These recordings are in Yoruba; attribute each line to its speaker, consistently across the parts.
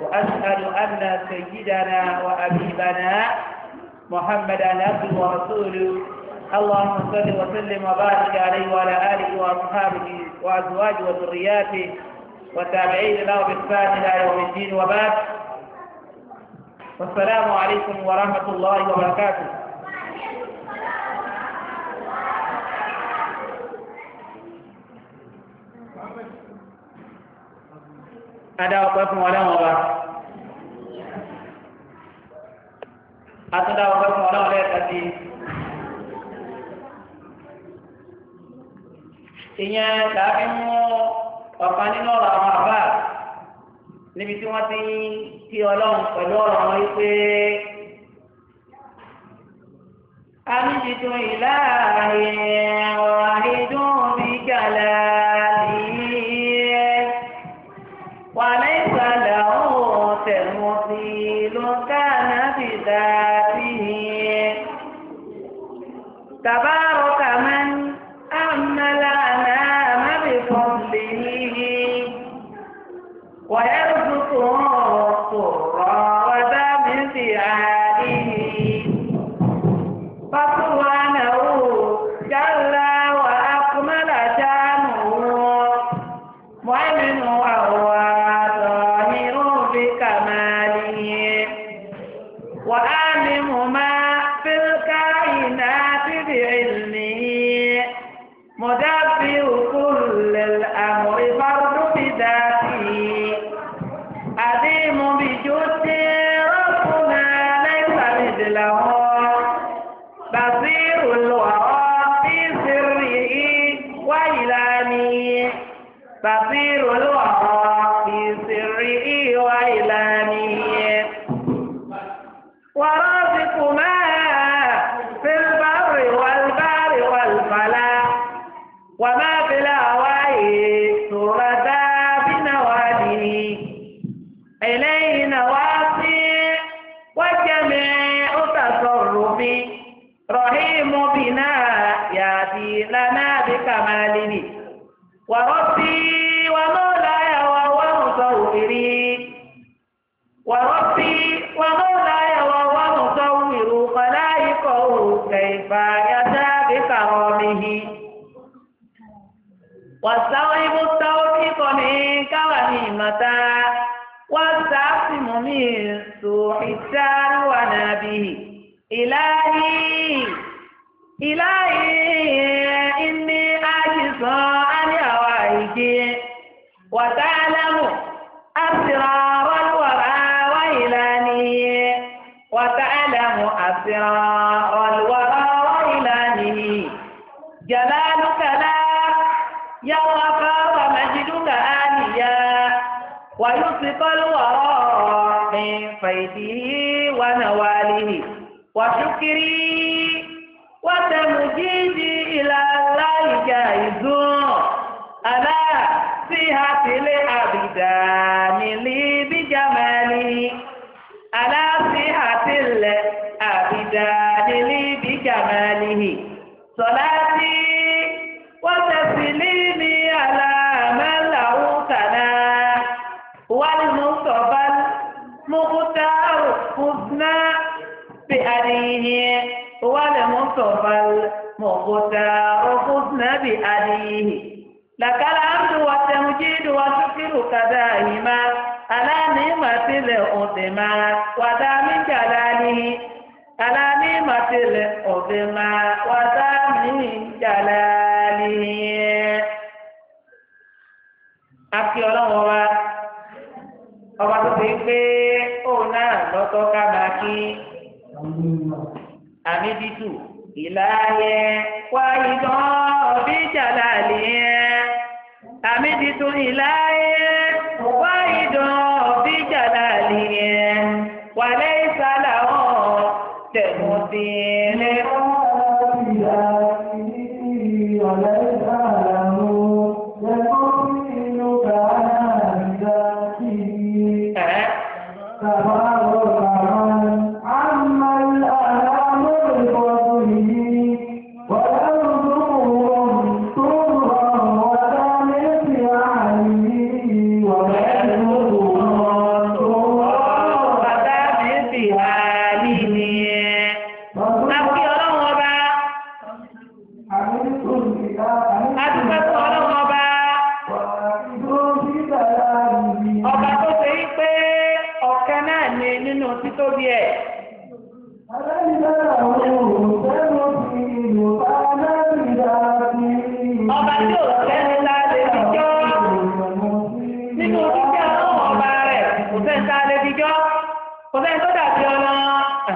Speaker 1: وأشهد أن سيدنا وأبيبنا محمدا نبي ورسوله اللهم صل وسلم وبارك عليه وعلى آله وأصحابه وأزواجه وذرياته والتابعين له بإحسان إلى يوم الدين وبعد والسلام عليكم ورحمة الله وبركاته Adá ọpẹ́ fún ọlọ́wọ́n wa.
Speaker 2: Atúndá ọpẹ́ fún ọlọ́wọ́n lẹ́ẹ̀kan
Speaker 1: sí. Ìyẹn tàbí mú ọ̀kan nínú ọ̀rọ̀ àwọn àbá níbi tí wọ́n ti kí ọlọ́run pẹ̀lú ọ̀rọ̀ wọn yí pé a níbi tó ìlà ààrẹ ọ̀rọ̀ bí jàlá. ذاته تبارك وربي ومولاي ومصور خلائقه كيف يدعى بكرامه واستوعب التوفيق منك ونعمته واستعصم من سوء الدار ونبيه إلهي إلهي أسرار الوفا وإلانه جلالك لا يرفع ومجدك آليا ويسق الوراء من فيده ونواله وشكري وتمجيدي إلى الله جائز ألا صحة الأبدان لي مختار حسن بأبيه لك الحمد والتمجيد والشكر كدائما على نعمة العظمى ودام جلاله على نعمة العظمى ودام جلاله أكي الله ọba tó fi pé òun náà lọ́tọ́ ká máa kí àmì dídùn ìláyẹ wá ìdán ọbí jàlá nìyẹn àmìdí tún ìláyẹ wá ìdán ọbí jàlá nìyẹn wà lẹ́yìn sálà wọn tẹ̀wọ̀n sí ilé. ìyá ìdí ìrọ̀lẹ́ ìdá.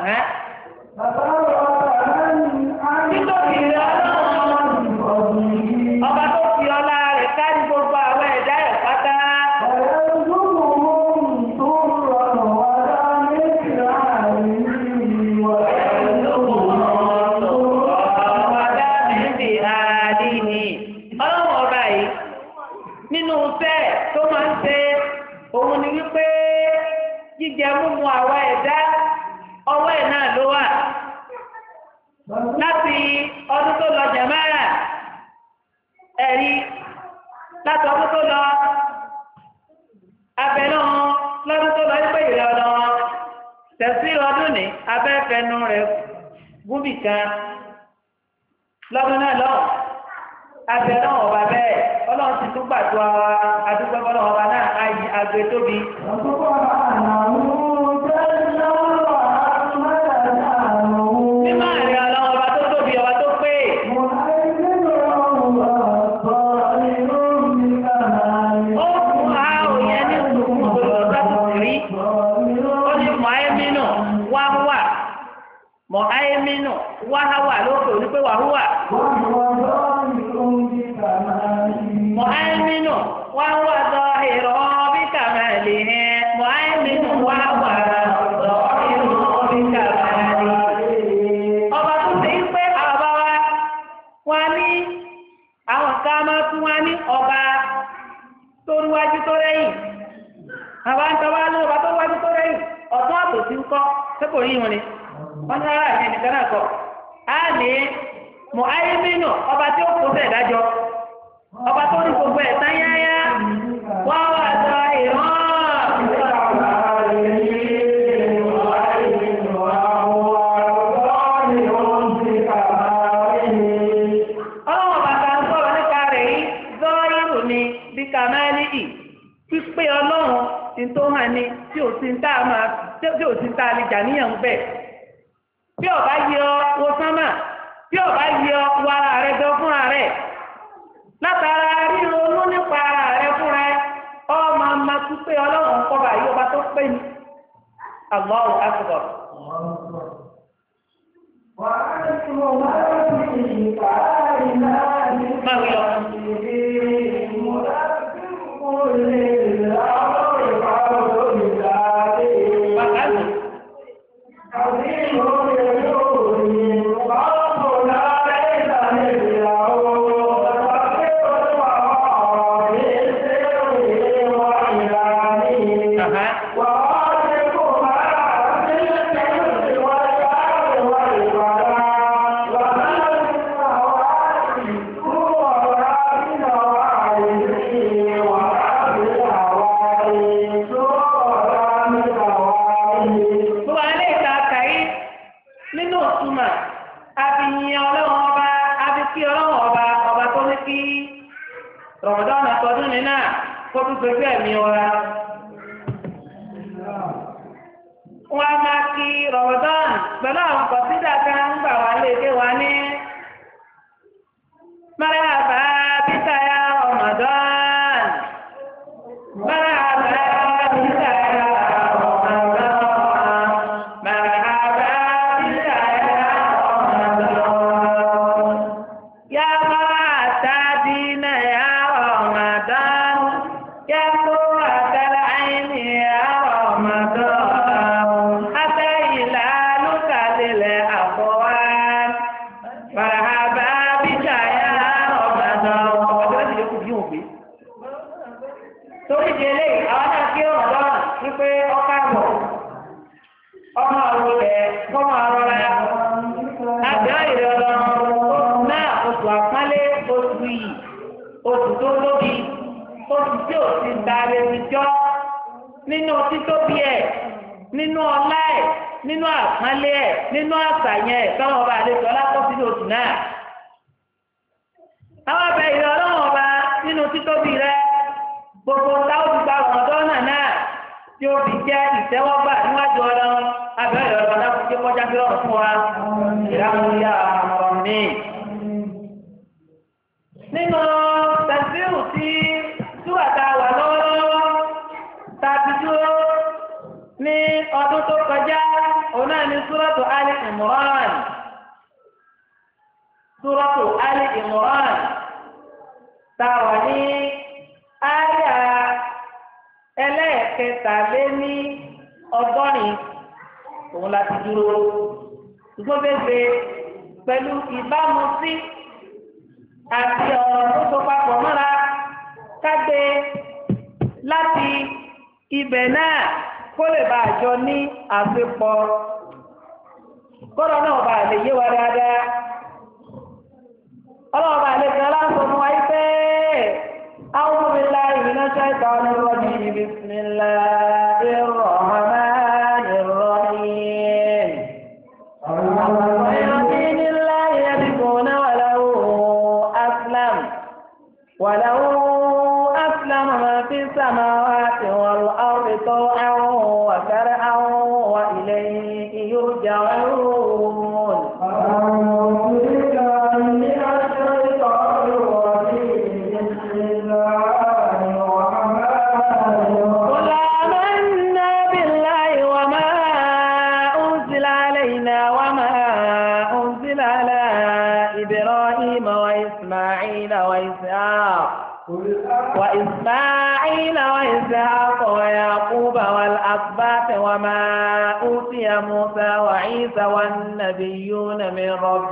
Speaker 1: हैं nìkan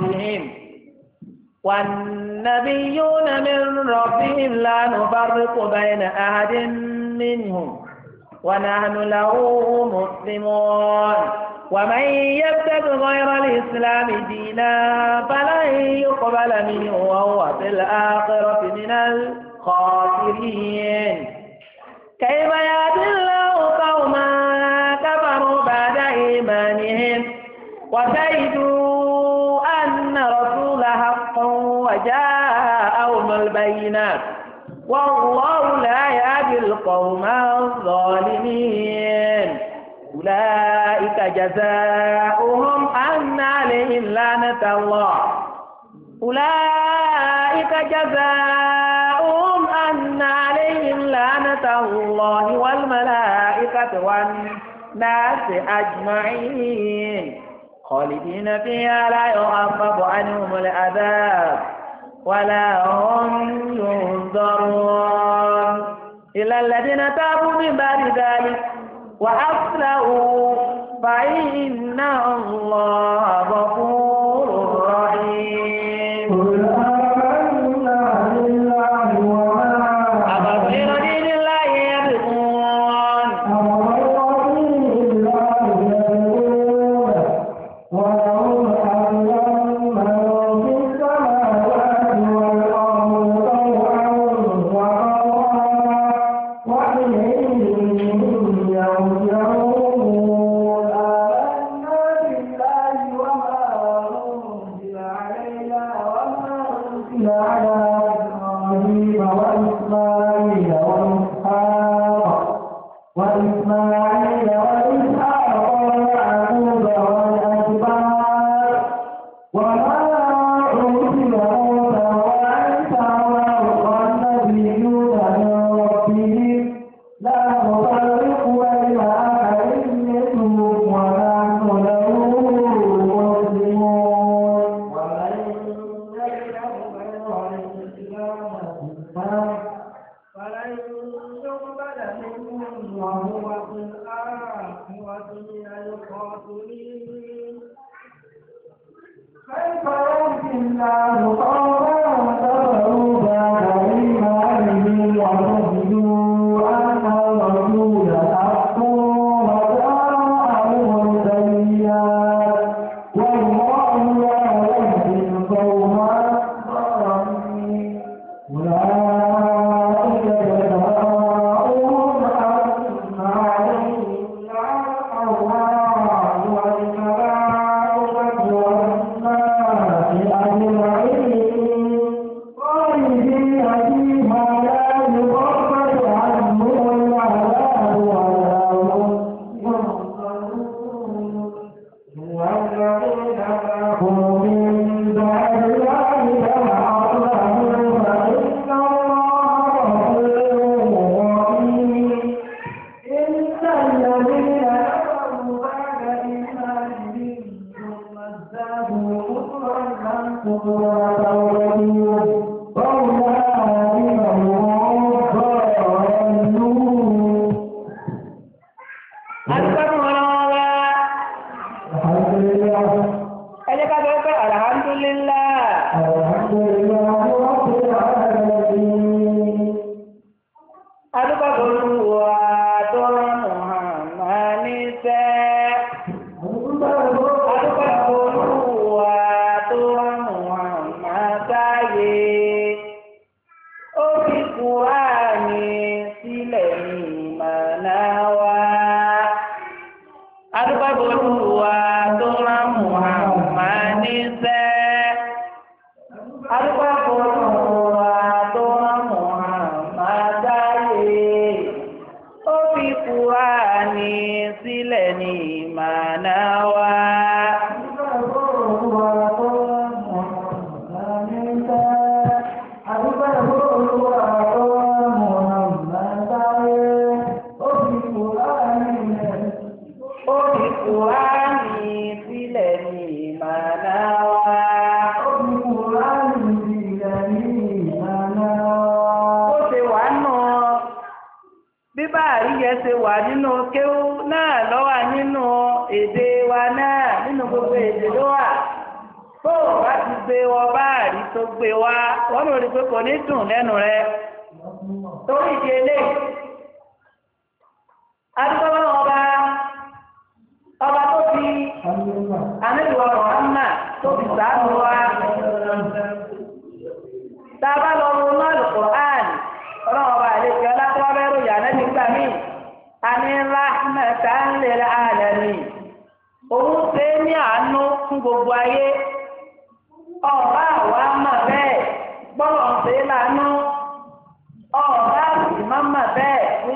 Speaker 1: ربهم والنبيون من ربهم لا نفرق بين أحد منهم ونحن له مسلمون ومن يبتغ غير الإسلام دينا فلن يقبل منه وهو في الآخرة من الخاسرين كيف يا والله لا يهدي القوم الظالمين أولئك جزاؤهم أن عليهم لعنة الله أولئك جزاؤهم أن عليهم لعنة الله والملائكة والناس أجمعين خالدين فيها لا يخفف عنهم العذاب ولا هم ينظرون إلا الذين تابوا من بعد ذلك وأصلحوا فإن الله
Speaker 3: غفور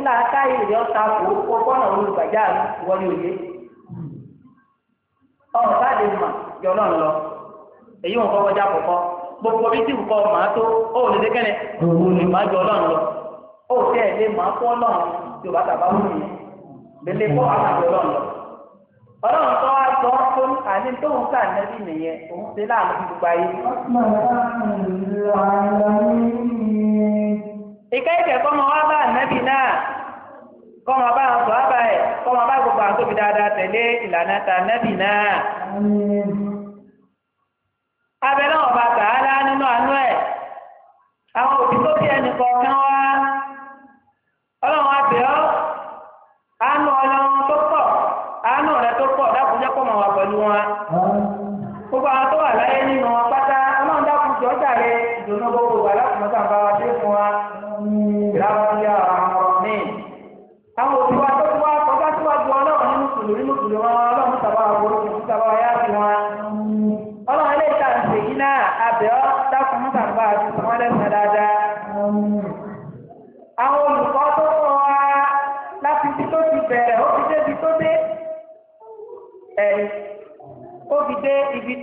Speaker 1: ńlá káyé rẹ̀ ọ̀ta kò kó bọ́nà olùgbàjá wọlé òye ọ̀ọ́ta lè mà yọ náà lọ èyí wọn kọ́ wọ́jà kọ̀kọ́ gbogbo bí tí nǹkan màá tó ó lè dékẹ́lẹ̀ òwò lè má jọ ọlọ́run lọ ó tẹ́ ẹ̀ lé màá fún ọlọ́run tí ò bá tàbá wù mí lélẹ́ kọ́ wà láti ọlọ́run lọ. ọlọ́run tó wá sọ tó ń kà nẹ́bí nìyẹn òun ṣe láàánú gbogbo
Speaker 3: ayé
Speaker 1: ìka ìkẹ́kọ̀ọ́ máa wá bá ànábì náà kọ́ máa bá àwọn sọ̀hábà ẹ̀ kọ́ máa bá gbogbo àwọn tóbi dáadáa tẹ̀lé ìlànà ta ànábì náà. abẹ náà ọba tààlà nínú àánú ẹ̀ àwọn òbí tó bí ẹnì kọ̀ọ̀kan wá ọlọ́run àbẹ̀ ọ́ àánú ọlọ́run tó pọ̀ àánú rẹ tó pọ̀ dákúnjẹ́ kọ́ máa wà pẹ̀lú wọn.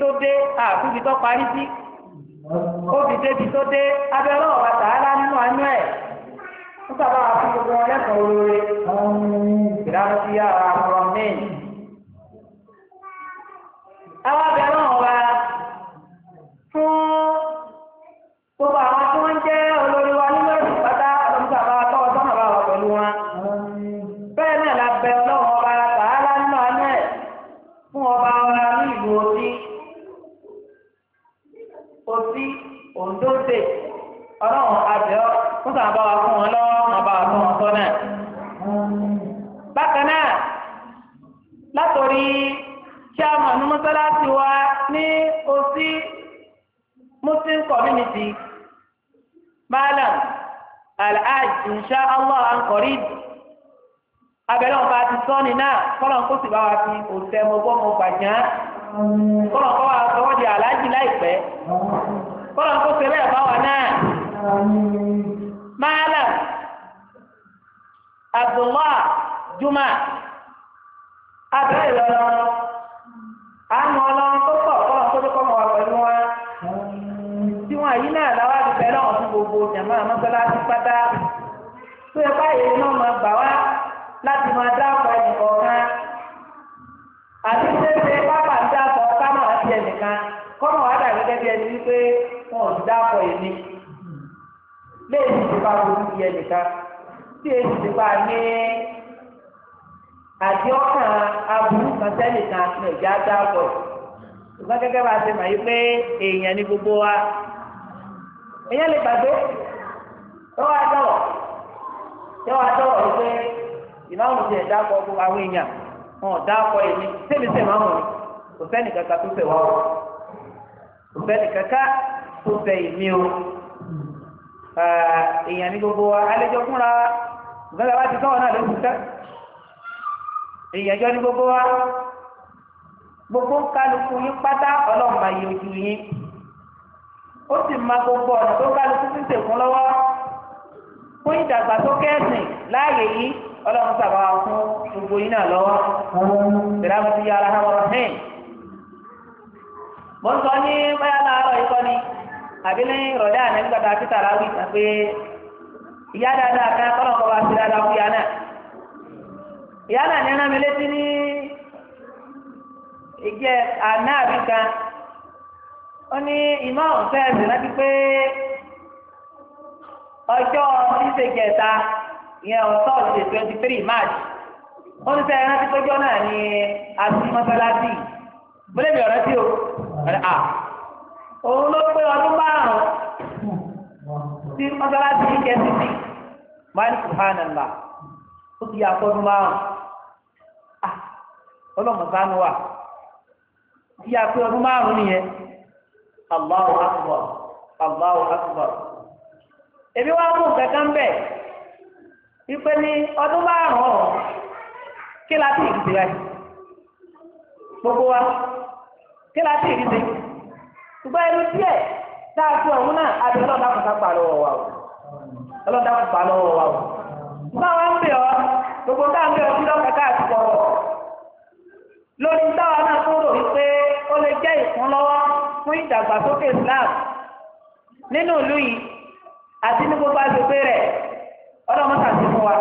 Speaker 1: tó dé àbíbi tó parí sí ó fi débi tó dé abẹ́rẹ́ ọ̀rọ̀ tààlà nínú àánú ẹ̀ ó sábà fún gbogbo wọn lẹ́kọ̀ọ́ lóore ìdáná sí ara ọmọ mi. àwọn abẹ́rẹ́ insha Allah an abẹ́rẹ́ wọn bá ti sọ́ni náà kọ́lọ̀ kó sì bá wa fi òṣè mo gbọ́ mo gbàjá kọ́lọ̀ kọ́ wa sọ́wọ́ di aláàjì láìpẹ́ kọ́lọ̀ kó sì bẹ́ẹ̀ bá wa náà maala Abdullah Juma abẹ́rẹ́ lọ́rọ́ àmọ́ ọlọ́run tó kọ́lọ̀ kó tó pẹ̀lú wa ti gbogbo jàmbá ti tó yẹ báyìí náà máa gbà wá láti máa dáàbò ẹnìkan kan àti ṣẹṣẹ pápá ń dáàbò kámọ̀ àti ẹnìkan kọ́mọ̀ wá dàbí gẹ́gẹ́ bí ẹni wípé wọn ò dáàbò ẹni léèdì ti ẹnìkan tí èyí ti ní àti ọkàn aburú kan gẹ́gẹ́ bá a ṣe yí pé èèyàn ní gbogbo wa lè gbàgbé ó wá tẹ wàá tọrọ yìí pé ti ẹ̀dá kọ gbogbo àwọn èèyàn wọn dá kọ èmi sẹ́mi sẹ́ máa kò tó fẹ́ wá o kò tó fẹ èmi o èèyàn ní gbogbo wa alẹ́jọ́ fúnra ti náà ló èèyàn jọ ní gbogbo wa gbogbo kálukú yín pátá ayé ojú yín ó sì fún ìdàgbàsókè ẹ̀sìn láàyè yìí sábà fún gbogbo náà ti hàn mo sọ ní báyà láàárọ̀ ikọ́ ni àbí ní ìrọ̀lẹ́ àná nígbà tá a ti wí pé ìyá dáadáa kan kọ́nà kọ́ bá ti dáadáa fún ìyá náà. ìyá náà ní rán mi létí ní ìjẹ àná àbí kan ó ọjọ́ ṣíṣe kẹta ìyẹn ọ̀tọ̀ ṣe twenty three march ó ní sẹ́yìn rántí péjọ náà ní àti mọ́sálásí bọ́lẹ̀ mi ọ̀rẹ́ sí o ọ̀rẹ́ à òun ló pé ọdún márùn-ún sí mọ́sálásí kẹ́ sí sí máa ń kú hàn ó ti yà fọ́dún márùn-ún à ọlọ́mọ̀sánú wà ó ọdún márùn nìyẹn Allahu akbar Allahu akbar èmi wá mú nǹkan kan bẹ̀ wípé ní ọdún márùn ọ̀hún kí la ti ìrìsì rẹ̀ gbogbo wa kí la ti ìrìsì ṣùgbọ́n ẹni díẹ̀ tá a fi ọ̀hún náà àti ọlọ́dà kò sápà lọ́wọ́ wa o ọlọ́dà kò sápà lọ́wọ́ wa o ṣùgbọ́n wa ń bẹ̀ ọ́ gbogbo tá a ń bẹ̀ ọ́ sílọ́ kẹ́kẹ́ àti pọ̀rọ̀ lórí táwa náà tó rò wípé ó lè jẹ́ ìkúnlọ́wọ́ fún ìdàgbàsókè Islam nínú ìlú yìí. àti ní gbogbo ti fún wa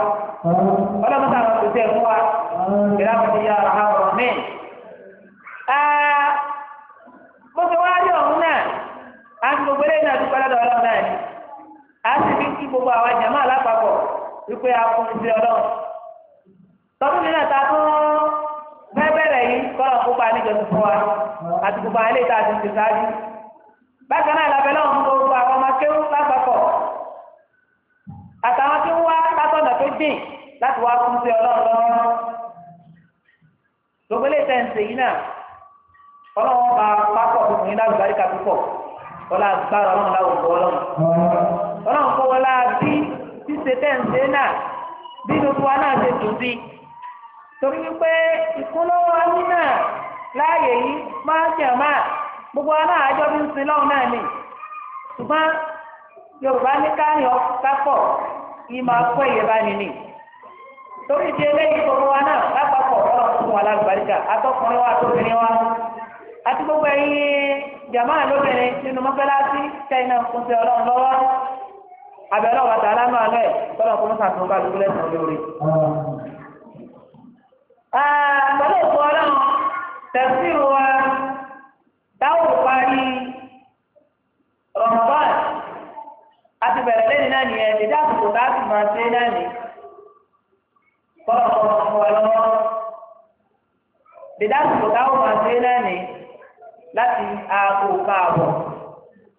Speaker 1: fún wa rí ọ̀hún náà a ti gbogbo eléyìí náà ti lọ́dọ̀ ọlọ́run náà ni a sì fi kí gbogbo àwọn jàmáà lápapọ̀ wípé a ọlọ́run. mi náà ta fún yìí ti fún wa àti gbogbo àwọn tá a ti àtàwọn tí ń wá látọ̀nà tó dìn láti wá fún sí ọlọ́run lọ́wọ́ gbogbo ilé ìtẹ̀sẹ̀ yìí náà ọlọ́run bá pápọ̀ ọlọ́run láwùjọ ọlọ́run ọlọ́run kọ́ ṣíṣe náà bí gbogbo wa náà ṣe tù sí torí wípé ìkúnlọ́wọ́ náà láàyè yìí gbogbo wa náà àjọ bí ń sin lọ́run náà ṣùgbọ́n yìí máa kọ́ ẹ̀yẹ bá ní ní. torí ti eléyìí gbogbo wa náà lápapọ̀ ọ̀rọ̀ fún wa lálùbáríkà atọ́kùnrin wa àtòkùnrin wa àti gbogbo ẹ̀yin jàmá lóbìnrin nínú mọ́sálásí tẹ́yìn náà kún sí ọlọ́run lọ́wọ́ abẹ́rẹ́ ọ̀wà tààlà náà lẹ̀ tọ́lọ̀ kún sàtún ká lóko lẹ́sàn lórí. pẹ̀lú òkú ọlọ́run tẹ̀síwò wa. bẹ̀rẹ̀ lẹ́yìn náà nìyẹn lè dá àsìkò tá a sì máa ṣe náà ní. Bọ́lá ọ̀pọ̀ ọ̀pọ̀ wa lọ́wọ́. Lè dá a máa ṣe náà ní láti aago káàbọ̀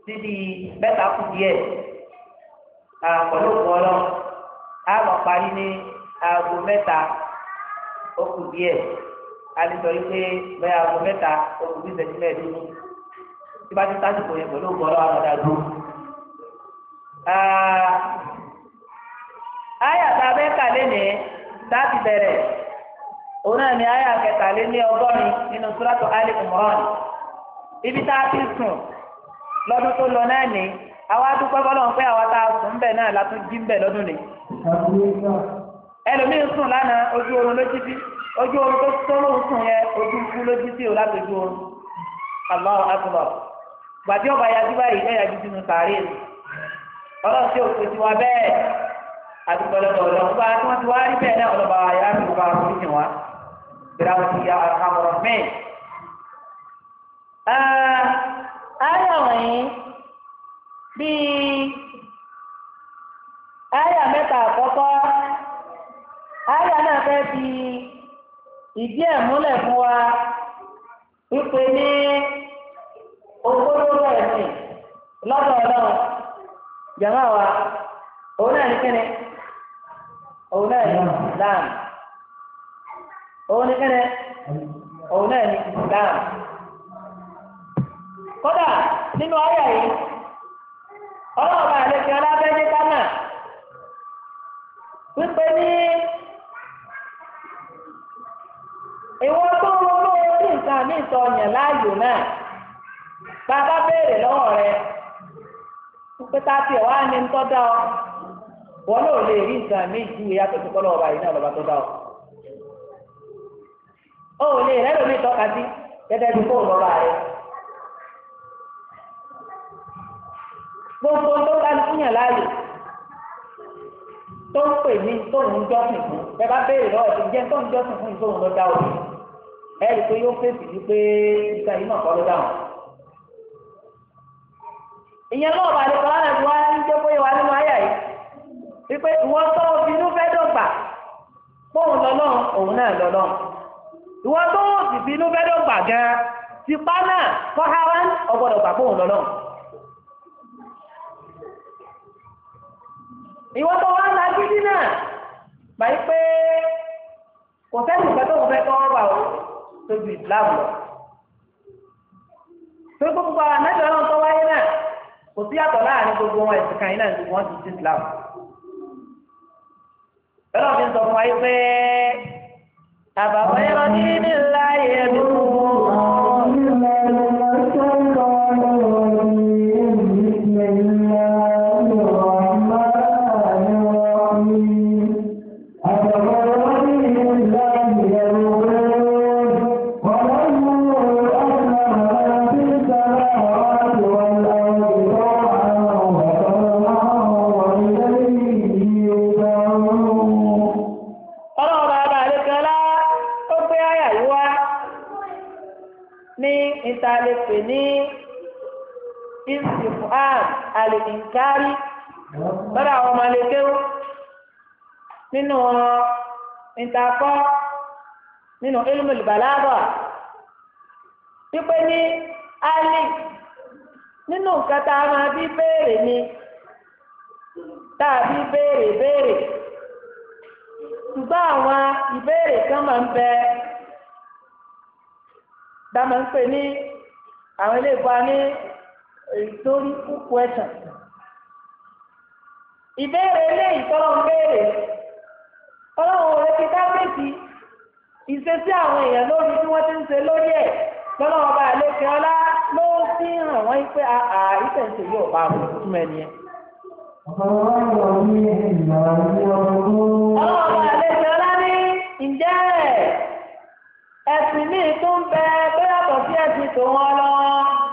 Speaker 1: síbi mẹ́ta kù díẹ̀. Àpọ̀lọ́ ọ̀pọ̀lọ́ a lọ parí ní aago mẹ́ta ó kù díẹ̀. A lè sọ wípé bẹ́ẹ̀ aago mẹ́ta ó bí ìṣẹ́jú Tí bá ti sásìkò yẹn pẹ̀lú ọ̀pọ̀lọ́ àwọn ọ̀dà dúró. Ah, aya tá a láti bẹ̀rẹ̀ òun náà ni áyà kẹtàléní ọgọ́rin nínú sùràtù Ali ibi tá a ti sùn lọ́dún tó lọ náà ni àwa dúpẹ́ fọlọ́run pé àwa tá a sùn bẹ̀ náà la tún jí bẹ̀ lọ́dún ni. ẹlòmíín sùn lánàá ojú oorun ló jí bí ojú oorun tó sùn yẹn ojú ikú ló jí sí o láti ojú oorun. gbàdí ọlọ́run tí òkú ti wá bẹ́ẹ̀ àdúgbòlọ́dọ̀ ọlọ́run bá tí wọ́n ti wá rí bẹ́ẹ̀ náà ọlọ́ba ayá ti wá rí jìn wá gbéra wọn ti ya àkàmọ̀rọ̀ mẹ́ẹ̀. ayà wọ̀nyí bíi ayà mẹ́ta àkọ́kọ́ ayà náà fẹ́ fi ìdí ẹ̀ múlẹ̀ fún wa wípé ní ogójì rẹ̀ ní lọ́dọ̀ ọlọ́run jàmá wa òun náà ní kẹ́nẹ́ òun náà ní islam òun ní kẹ́nẹ́ òun náà ní islam kódà nínú ayé yìí ọlọ́ọ̀bà àlejò alábẹ́jẹ́ kánà wípé ní ìwọ tó ń lóore sí nǹkan mi sọ yàn láàyò náà bàbá béèrè lọ́wọ́ rẹ̀ pé tá a tiẹ̀ wá ní ntọ́ dá ọ wọn náà lè rí nǹkan mí ju ìyá tó ti kọ́ lọ́wọ́ báyìí náà lọ́ba tó dá ọ ó lè rẹ́ lómi tọ́ka sí gẹ́gẹ́ bí fóònù ọba rẹ gbogbo tó bá ní fúnyàn láàyè tó ń pè ní tóun jọ́sìn fún ẹ bá béèrè lọ́wọ́ tó jẹ́ tóun jọ́sìn fún ìtóun ló dá ọ ẹ rí i pé yóò fèsì ní pé nǹkan yìí náà kọ́ ló dá ọ ìyẹn lọ́wọ́ bá nípa lára ìwà ń gbé bóyá wà nínú ayà yìí wípé ìwọ tó bínú fẹ́ dọ̀gbà póun lọ́nà òun náà lọ́nà ìwọ tó sì bínú fẹ́ dọ̀gbà gan tipa náà fọ́hárá ọgbọ́dọ̀ gbà póun lọ́nà. ìwọ tó wá lágídí náà gbàyí pé kò sẹ́yìn ìfẹ́ tó ń fẹ́ tọ́wọ́ bá o tóbi ìsìláàmù pé gbogbo àwọn àmẹ́jọ náà tó wáyé náà kò sí àtọ̀ láàrin gbogbo wọn ẹ̀sìn kan yìí náà gbogbo wọn ti sí Islam bẹ́ẹ̀ náà mi sọ fún wa yìí pé àbàwọ̀ ẹ̀rọ ní nílá yẹn ló alìkínkárì lọ́dọ̀ àwọn ọmọ ẹlẹ́kẹ́wò nínú ìtakọ́ nínú ilmul balagha wípé ní alì nínú nǹkan a bí ni ṣùgbọ́n àwọn ìbéèrè kan máa ń bẹ àwọn ilé ní ìtorí púpọ̀ ẹ̀sán. ìbéèrè eléyìí tọ́lọ́ ń béèrè ọlọ́run òwe ti kábíyèsí ìṣesí àwọn èèyàn lórí bí wọ́n ti ń ṣe lórí ẹ̀ lọ́nà ọba àlékè ọlá ló fi hàn wọ́n pé àìsàn ṣe yóò bá wọn fún ẹni ẹ.
Speaker 3: ọlọ́run àlékè
Speaker 1: ọlá ní ǹjẹ́ ẹ̀sìn míì tún bẹ bóyá tó sí ẹ̀sìn tòun ọlọ́run.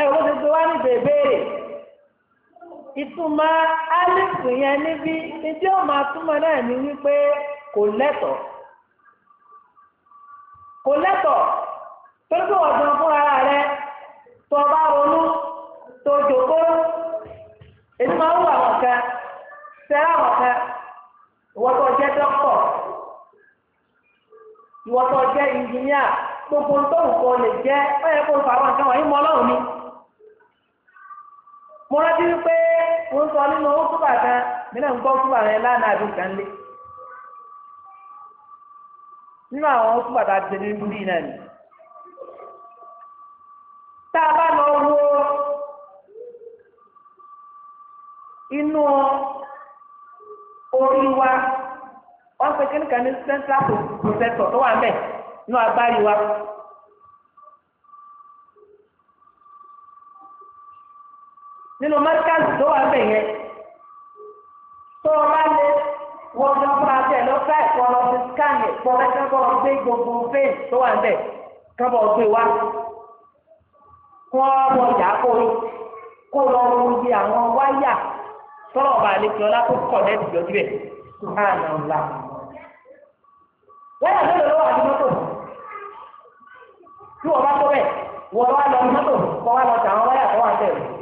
Speaker 1: ẹ̀rọ ti ti wá ní bèbèrè ìtumọ̀ alifu yẹn níbi ìdí ọmọ atúmọ̀ náà ní wípé kò lẹ́tọ̀ kò lẹ́tọ̀ ara rẹ tó o ronú tó jòkó èyí máa ń kan sẹ́rà kan jẹ́ dọ́kítọ̀ jẹ́ gbogbo tó lè jẹ́ ó yẹ mo rántí wípé wọ́n sọ nínú owó túbà kan nínú túbà lánàá àbí nǹkan lé nínú àwọn túbà tá a náà ni tá a bá lọ wo inú pe ní central tó wà nínú mọ́tíkàsì tó wà bẹ̀ yẹn tó o bá lé wọ́n lọ fún abẹ́ lọ́fẹ́ ẹ̀kọ́ lọ sí skáàni pọ̀ ẹ̀kọ́ bọ́ gbé gbogbo vein tó wà bẹ̀ kán bọ́ gbé wá kó o bọ̀ yà kó o kó o lọ wo iye àwọn wáyà tọ́lọ̀ ọba àlejò ọlá tó kọ̀ lẹ́ẹ̀dì lọ́jọ́ ẹ̀ sùhánà ńlá wáyà lọ́dọ̀ lọ́wọ́ àti mọ́tò tí wọ́n bá tó bẹ̀ wọ́n wá lọ mọ́tò kọ́ wá lọ tàwọn wáyà tó wà bẹ̀ rẹ̀.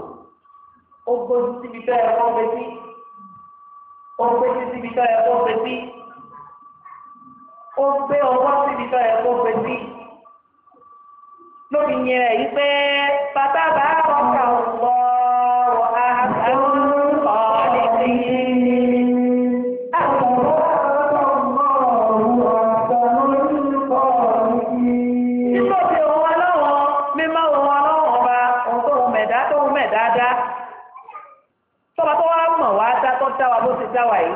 Speaker 1: ó gbójú síbi tó yẹ kó gbé sí ó gbójú síbi tó yẹ kó gbé sí ó gbé ọwọ́ síbi tó yẹ kó gbé sí lórí yẹn rẹ̀ yí pé bàbá bàá kọ̀ọ̀kan lọ́rọ̀ àhàkùn ọ̀ọ́dẹ́gbẹ̀yẹ. bó ti dá wa yìí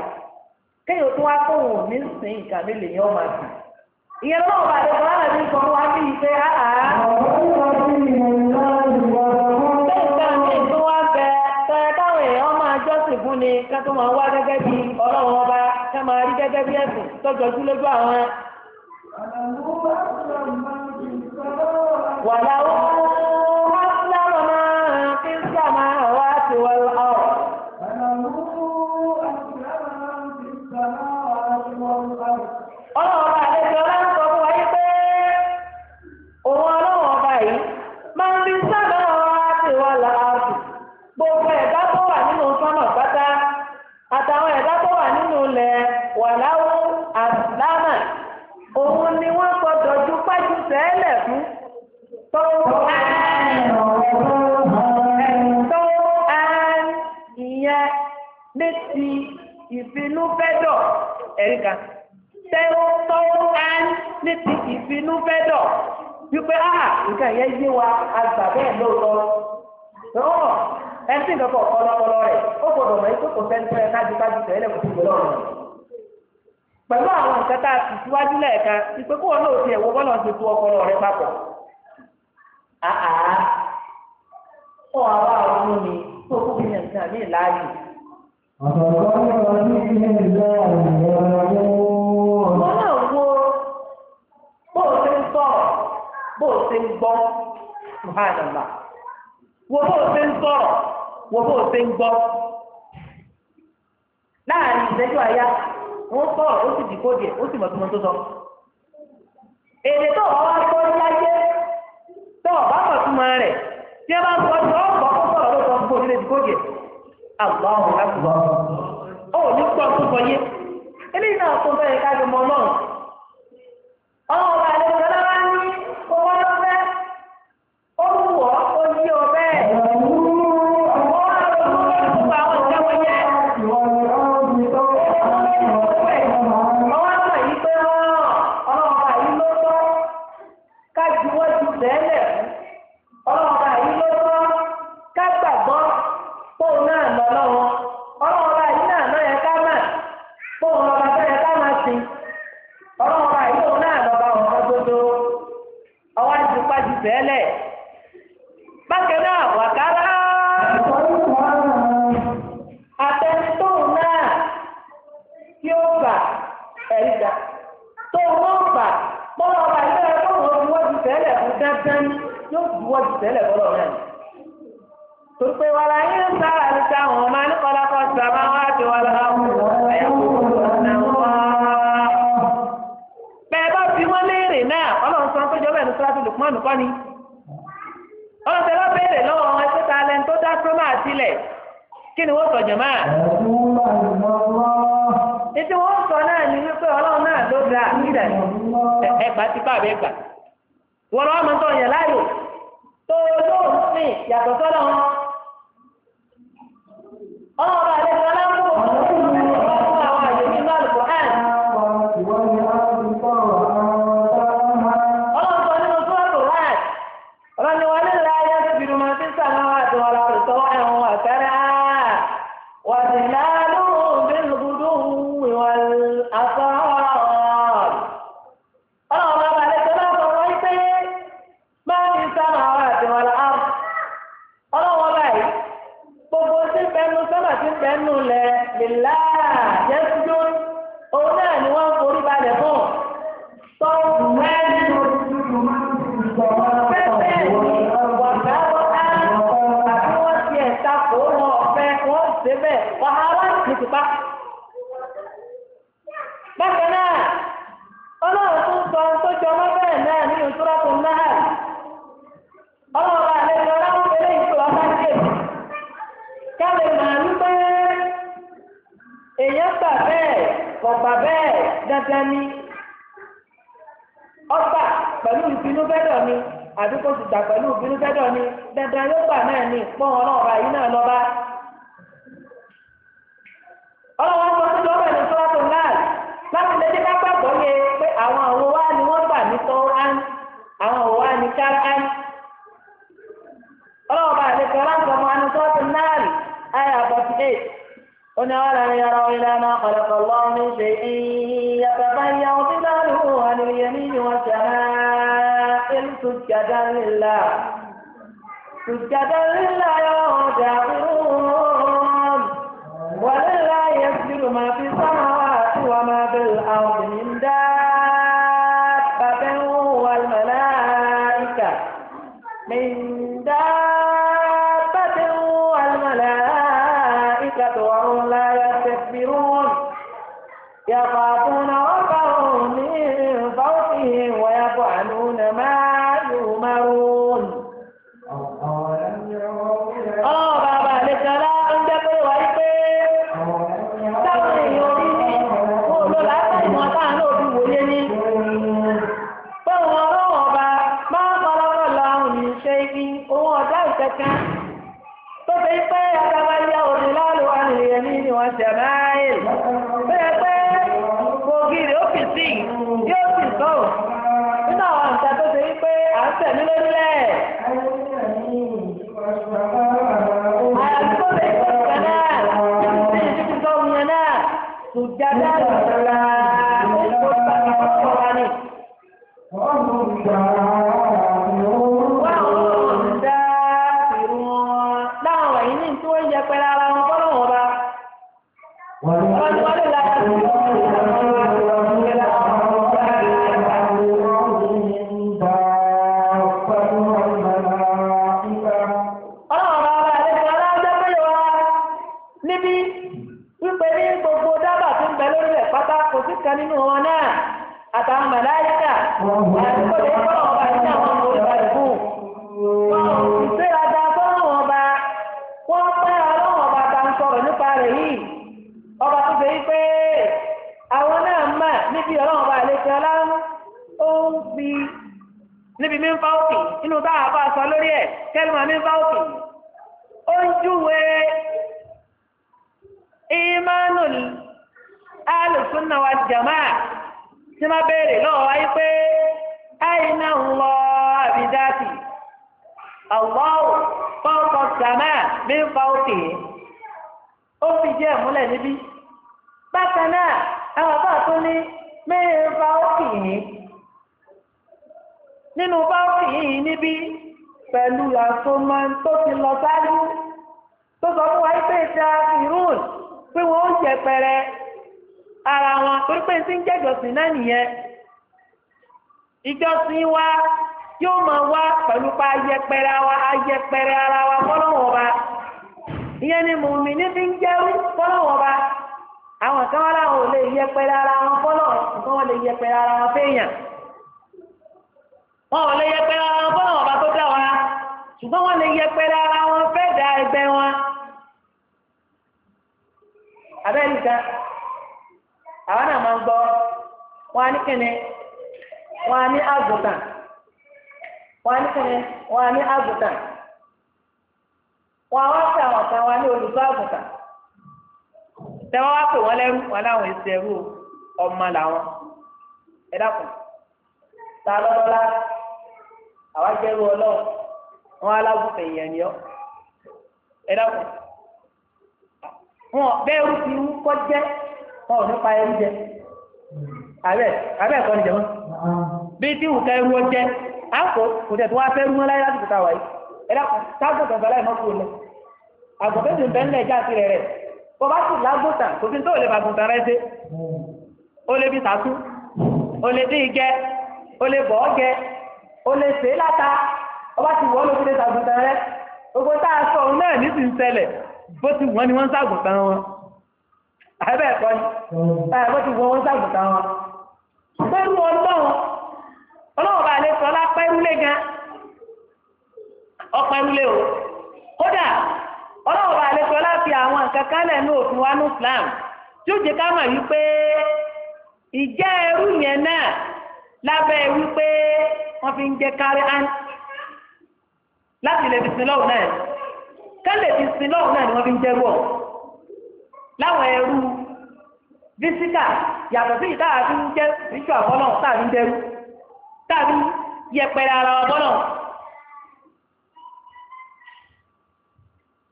Speaker 1: kéèyàn tó wá fóun ò ní sìn nǹkan mi lè yàn máa sìn ìyẹn lọ́wọ́ bá lè fọ́ lára kan wá bí ìfẹ́ àhà. ni ká tó máa wá gẹ́gẹ́ bí ọlọ́run ọba ká máa rí gẹ́gẹ́ bí ẹ̀sìn tọ́jọ́jú lójú àwọn. wàlá ó lẹ̀ wàláwó àbámà òun ni wọ́n gbọ́dọ̀ ju pájú sẹ́lẹ̀ fún tó tó án ìyẹn ní ti ìbínú fẹ́dọ̀ tó án ní ti wípé ẹtí ìdọ́kọ̀ ọkọ rẹ̀ ó gbọdọ̀ mọ̀ ikú kò sẹ́ńtẹ́ ẹ̀ kájú kájú tẹ̀lé kò sí gbọdọ̀ àwọn nǹkan tá a sì síwájú lẹ́ẹ̀kan ìpè kó wọn náà ti ẹ̀wọ́ bọ́lá ti ọpọlọ àhà ọdún mi tó kú bí nàìjíríà ní wo bó ṣe ń gbọ́ láàrin ìṣẹ́jú àyà wọ́n sọ̀rọ̀ ó sì dìbò díẹ̀ ó sì mọ̀túnmọ̀ tó sọ. èdè tó wọ́n wá gbọ́ láyé tó ọ̀bá mọ̀túnmọ̀ rẹ̀ tí ẹ ń sọ sọ̀rọ̀ ló sọ gbogbo dìbò díẹ̀ àgbà ọ̀hún láti ó ní tó sọ yé eléyìí náà tó fẹ́ tẹ́lẹ̀ bọ́lọ̀ náà ni. tó pé wà láyé ń sára ní táwọn ọmọ anìkọ́lákọ́ sábà wá ti wà láwùjọ ẹ̀yàwó bẹ́ẹ̀ bá fi wọ́n léèrè náà ọlọ́run sọ pé jọba ẹ̀ ní sọ́dọ̀ lùpọ̀ nùkọ́ ni ọlọ́sẹ̀ lọ béèrè lọ́wọ́ wọn ẹgbẹ́ ta lẹ́nu tó dá sọ́mà sílẹ̀ kí ni wọ́n sọ jọ̀mọ́ à. ètò wọn sọ náà ni wípé ọlọ́run náà ló ga ìdàgbẹ́ ẹgbàá tipa àbẹ́gbàá. yàtọ̀ sọ́lọ́ náà àtàwọn màláìkà àti kọ́lé kọ́lọ̀ ọba àti àwọn ọmọ orí balẹ̀ fún
Speaker 3: un.
Speaker 1: ìsèrada fọ́nrán ọba wọ́n pẹ́ ọlọ́run ọba ta ń sọ̀rọ̀ nípa rẹ̀ yìí ọba tó ṣe pé àwọn náà mà níbi ọlọ́run ọba àlejò aláwọ̀ ó ń fi níbi mímpa òkè inú táwọn àbá sọ lórí ẹ̀ kẹ́lùmọ̀ mímpa òkè ó ń júwe ìmánù alùsùn náà jàmáà tí wọ́n béèrè lọ́wọ́ wáyé pé àìná ńlọ àbídáàtì àwọ̀wọ̀ fọ́ọ̀kọ̀ sàmà bí ń fa òkè ó fi jẹ́ ìmúlẹ̀ níbí bákan náà àwọn bá tó ní mẹ́rin fa òkè yìí nínú bá òkè yìí níbí pẹ̀lú àsomọ́ tó ti lọ sáájú tó sọ fún wa pé ṣe àfihàn pé wọ́n ń jẹ pẹrẹ ara wọn torí pé sí ń jẹ́ ìjọsìn náà nìyẹn ìjọsìn wa yóò máa wá pẹ̀lú pa ayẹpẹrẹ wa ayẹpẹrẹ ara wa fọlọ́wọ́n ba ìyẹn ni mùmí ní fi ń jẹ́rú fọlọ́wọ́n ba àwọn kan wá láwọn ò lè yẹpẹrẹ ara wọn fọlọ́wọ́n nǹkan wọn lè yẹpẹrẹ ara wọn fẹ́yàn wọn ò lè yẹpẹrẹ ara wọn fọlọ́wọ́n ọba tó dá wa ṣùgbọ́n wọn lè yẹpẹrẹ ara wọn fẹ́ da ẹgbẹ́ wọn abẹ́rẹ́ nìkan àwọn náà máa ń gbọ́ wọn á ní kíni wọn á ní àgùntàn wọn á ní kíni wọn á ní àgùntàn wọn á wá sí àwọn kan wọn á ní olùkọ́ àgùntàn tẹ wọn wá pè wọn lẹ́rú wọn láwọn èsì ẹrú ọmọ làwọn ẹ dákun ta lọ́lọ́lá àwa jẹ́rú ọlọ́run wọn alágùntàn èèyàn ni ọ́ ẹ dákun bẹ́ẹ̀ rú ti wú kọ́ jẹ́ wọn ò ní pa ẹrú jẹ abẹ́ abẹ́ ẹ̀kọ́ ni jẹ wọn bí tí wù ká ẹrú ọ jẹ àpò kò tẹ̀ tó wá fẹ́ rú wọn láyé láti kòtà wáyé ẹ̀dá táàgùn kan fẹ́lá ìmọ̀kù lọ àgùntàn tó ń bẹ́ ńlẹ̀ já sílẹ̀ rẹ̀ kò bá sì lágùntàn kò sí tó lè bàgùntàn rẹ̀ ṣe ó lè bí sàtú ó lè dín igẹ ó lè bọ̀ ọ́gẹ ó lè ṣe é láta ó bá ti wọ́ ló fi lè sàgùntàn rẹ̀ gbogbo tá a náà ní àbẹ́ ẹ̀kọ́ ni hmm. ẹ̀ wọ́n ti wọ wọn sàgùtà wọn. pẹ̀lú lè sọ gan o kódà ọlọ́run lè sọ láti àwọn nǹkan kálẹ̀ ní òfin wa ní Islam tí ó jẹ́ ká mọ̀ wípé ìjẹ́ ẹrú yẹn náà lábẹ́ wípé fi ń kárí án láwọn ẹrú bísíkà yàtọ̀ sí ìta àti ń jẹ́ bíṣọ àbọ́lọ̀ tàbí ń dẹrú tàbí yẹpẹrẹ ara ọbọ́lọ̀.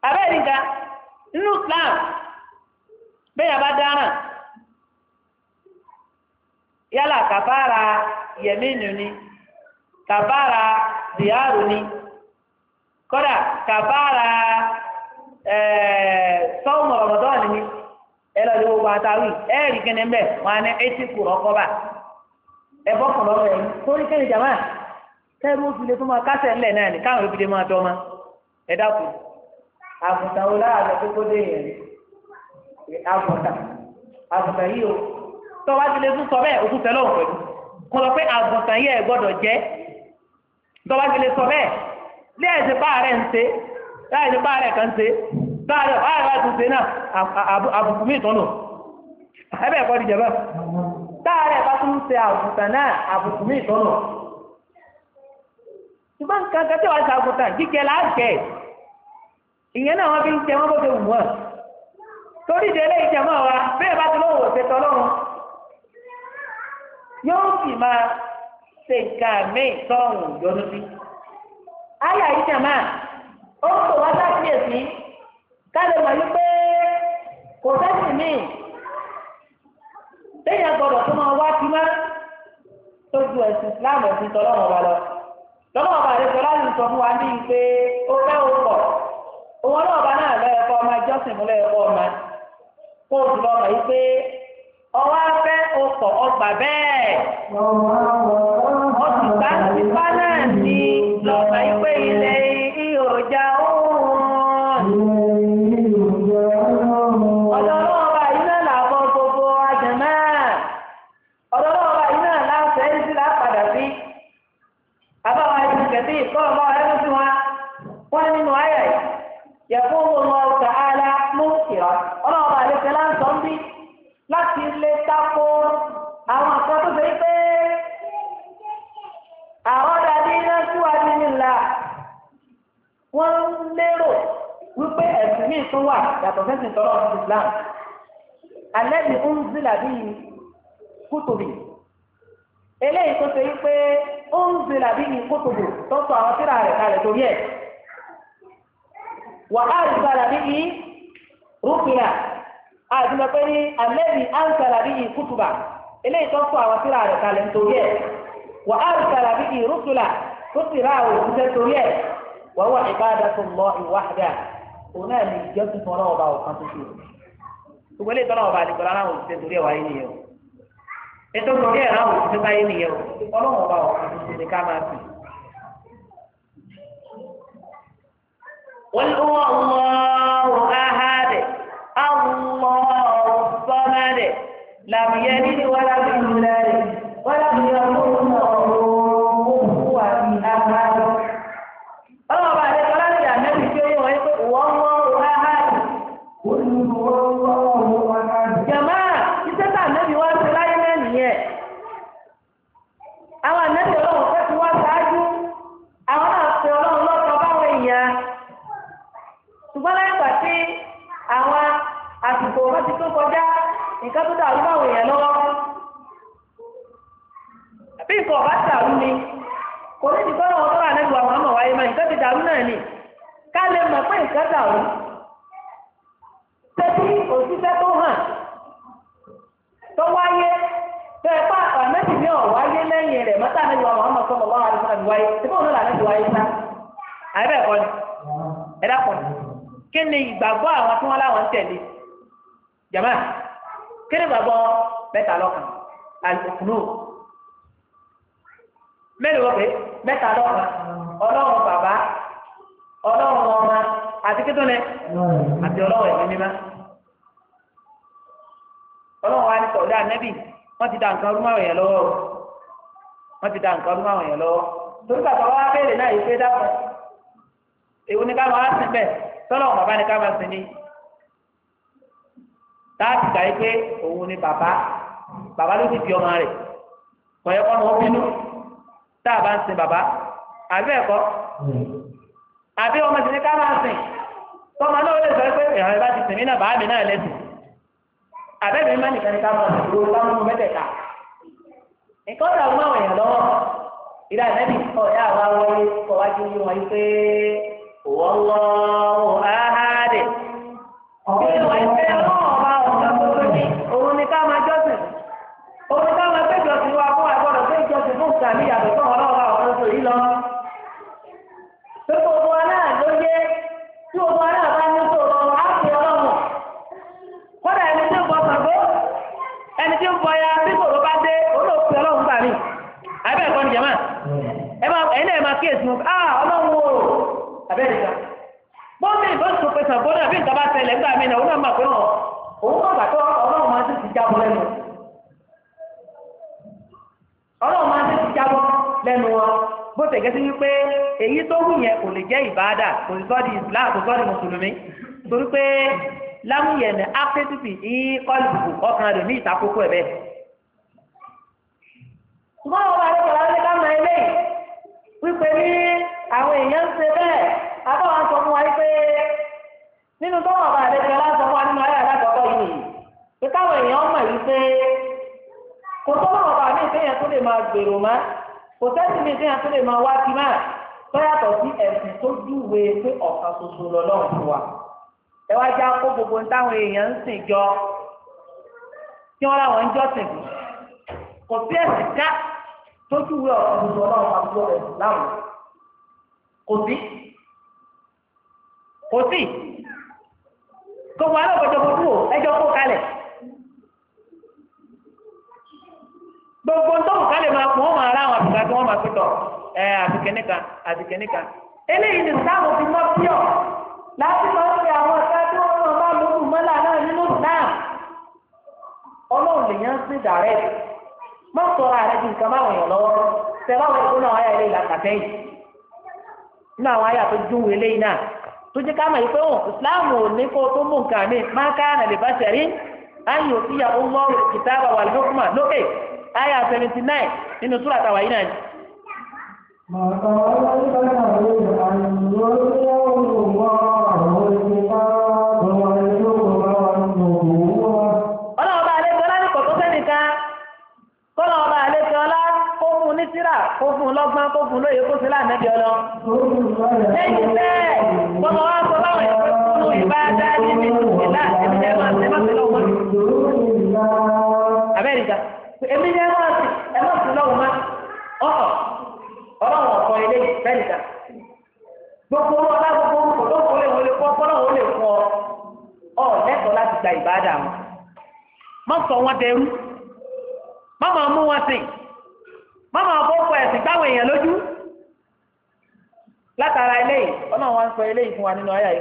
Speaker 1: abẹ́rẹ́ nìkan nínú Islam bẹ́ẹ̀ bá dáràn yálà kàfàrà yẹmínú ni kàfàrà dìárù ni kódà kàfàrà ẹ̀ẹ́. sọ́ọ̀mù rọ̀mọ̀dọ́ọ̀nù ni ẹ lọ lè wo gba àtàwì mbẹ wọn á etí kù rọ́kọ́bà ẹ bọ́ kàn lọ́rọ̀ yẹn torí kẹ́ni jàmá kẹ́rù òfin lè tó kásẹ̀ ńlẹ̀ náà ni káwọn ma dákun wo lára rẹ kókó dé yẹn yìí o ti lè sọ bẹ́ẹ̀ òkú tẹ́lọ̀ lọ pé yìí báyọ̀ báyọ̀ bá tún ṣe náà àbùkù mí ìtọ́nù ẹbẹ̀ ẹ̀kọ́ di jẹ̀bẹ̀ báyọ̀ bá tún ṣe àbùkù náà àbùkù mí ìtọ́nù ṣùgbọ́n nǹkan kan tí wàá ṣe àbùkù jíjẹ láàjẹ ìyẹn náà wọ́n fi ń jẹ wọ́n bó ṣe wù wọ́n torí ìdẹ́lẹ́ ìjẹ̀mọ́ wa bẹ́ẹ̀ bá ti lọ́wọ́ ṣe tọ́lọ́run yóò sì máa ṣe nǹkan míì tọ́hùn yọnu sí. Ayà ìjẹ̀mọ́ ó ń tò wá sákìyèsí káde mọ̀ yí pé kò sẹ́sì míì téèyàn gbọ́dọ̀ tó máa wá máa tó ju ẹ̀sìn Islam lọ lọ́mọ ọba láti sọ fún wa ní pé ó fẹ́ ó pọ̀ òun náà lọ́yẹ̀kọ́ ọmọ ìjọsìn mú lọ́yẹ̀kọ́ ọmọ kó o jùlọ yí míì tó wà yàtọ̀ sẹ́sìn tọ́lọ́ ọ̀sìn Islam alẹ́ mi ń zìlà bíi kútùbì eléyìí tó ṣe yí pé ó ń zìlà bíi kútùbù tó sọ àwọn tírà rẹ̀ kalẹ̀ torí ẹ̀ wà á zìlà bíi rúkìlà àdúgbò pé ní alẹ́ mi á zìlà bíi kútùbà eléyìí tó sọ àwọn tírà rẹ̀ kalẹ̀ torí ẹ̀ wà á zìlà bíi rúkìlà tó sì rà òṣìṣẹ́ torí ẹ̀ wà wà ìbádàtúllàhi wahdahu òun náà ní ìjọsìn fún ọlọ́wọ́ bá ọ̀kan tó ṣe gbogbo ilé ìtọ́lọ́wọ́ bá àdìgbò lára àwọn òṣìṣẹ́ torí ẹ̀ wáyé nìyẹn o ètò torí ẹ̀ láwọn òṣìṣẹ́ báyé nìyẹn o ọlọ́wọ́ bá ọ̀kan tó ní ká máa fi ọdún àwọn èèyàn lọ́wọ́ torí bàbá wa béèrè náà yìí pé dákun ni ká máa sìn bẹ́ẹ̀ sọ́lọ́ wọn bàbá ni ká máa sìn ní. gbà yìí pé òun ni bàbá bàbá ló ti di ọmọ rẹ̀ kọ̀yẹ́ kọ́ ọmọ bínú tá a bá ń sìn bàbá àbí ẹ̀kọ́ àbí ọmọ sì ni ká máa sìn tọ́mọ náà lè sọ pé ìhàn ìbá ti sìn mí náà bàá mi náà lẹ́sìn àbẹ́bí mẹ́nìkan ni ká máa sìn lórí láwọn mẹ́tẹ̀ẹ̀ta nǹkan ọ̀dà ọmọ àwọn èèyàn lọ́wọ́ ìlà nẹ́bí ọ̀yá wa wọlé kọ̀ wájú yí wọn pé òwò lọ àhádẹ. Ọ̀gbìn wọn ìfẹ́ ọlọ́run ọba ọ̀gá gbogbo ní òun ni ká máa jọ́sìn. Òun ni ká máa péjọsìn wa fún àgbọ̀dọ̀ péjọsìn fún ìsàmì yàtọ̀ fún ọlọ́run ọba ọ̀gá abẹ́rẹ́ ta bọ́ọ̀mì ìbọ́sùn pẹ̀sẹ̀ bọ́ọ̀dà bí ìjọba tẹ̀lé ńgbà mí náà òun náà mà pé náà òun náà gbàtọ́ ọlọ́run máa ti ti jábọ̀ lẹ́nu ọlọ́run máa ti ti jábọ̀ lẹ́nu wọn bó ṣe gẹ́sí wípé èyí tó wù yẹn kò lè jẹ́ ìbáadà kò sì sọ́ọ́dì Islam kò sọ́ọ́dì mùsùlùmí torí pé lámúyẹ̀nì ápẹ́tùpì ní kọ́lùkù ọkàn rẹ̀ ní ìtakókò ẹ̀ bẹ́ẹ̀. ṣùgbọ́n àwọn àrẹ́kọ̀ọ́ alẹ́ ká máa eléyìí
Speaker 3: wípé ní àwọn èèyàn ń ṣe bẹ́ẹ̀
Speaker 1: máa gbèrò má kò sẹ́sì mi tí a tún lè máa wá sí má tó yàtọ̀ sí ẹ̀sìn tó júwe pé ọ̀kan ṣoṣo lọ́lọ́run fún wa ẹ wá já kó gbogbo ń táwọn èèyàn ń sìn jọ kí wọ́n láwọn ń jọ́sìn kò sí ẹ̀sìn ká tó júwe ọ̀kan ṣoṣo lọ́lọ́run àti lọ́rẹ̀ láwọn kò sí kò sí kò wọ́n alọ́gbọ̀dọ̀ gbogbo ẹjọ́ kó kalẹ̀. gbogbo ntọ́wọ̀n ká lè máa pọ̀ wọ́n máa rá àwọn àtùkà tí wọ́n máa pẹ̀tọ̀ ẹ̀ àtìkẹ́ nìkan eléyìí ni fi mọ́ píọ̀ láti máa ń fi àwọn ọ̀tá tí wọ́n máa máa lókun mọ́lá náà nínú náà ọlọ́run lè sí dàrẹ́ sọ̀rọ̀ àrẹ ju nǹkan máa wọ̀nyàn lọ́wọ́ ayò tí yà ń wọ́n kìtàbà wà lókùmà lókè ayà seventy nine nínú súrà tàwa yìí náà ni.
Speaker 3: Màtà ọlọ́dún bá yà lóyún àyùrọ̀ ní ọ̀rùn wọn àwọn ìfipá lọ́wọ́ ẹjọ́ kò bá wà nínú òkú wọn.
Speaker 1: Ọlọ́ọ̀bá àlejò ọlá ní kọ̀tọ́ sẹ́nìkan. Kọ́lọ́ọ̀bá àlejò ọlá kó fún un ní síra, kó fún un lọ́gbọ́n, kó fún un lóye, kó sí láàmẹ́bí ọlọ́. Lẹ́yìn bẹ́ẹ̀, kọ́mọ wá sọ báwọn ẹ̀ dáadé ní ìlà ẹ̀mí ẹ̀ máa lọ́wọ́ máa ilé Gbogbo owó gbogbo tó kọ́ lè kọ́ lè kọ́ ọ lẹ́tọ̀ọ́ láti gba ìbáàdà wọn. Má sọ wọn dẹrú. Má máa mú wọn sìn. Má máa bọ́ ẹ̀sìn gbáwọn èèyàn lójú látara sọ wa nínú ayà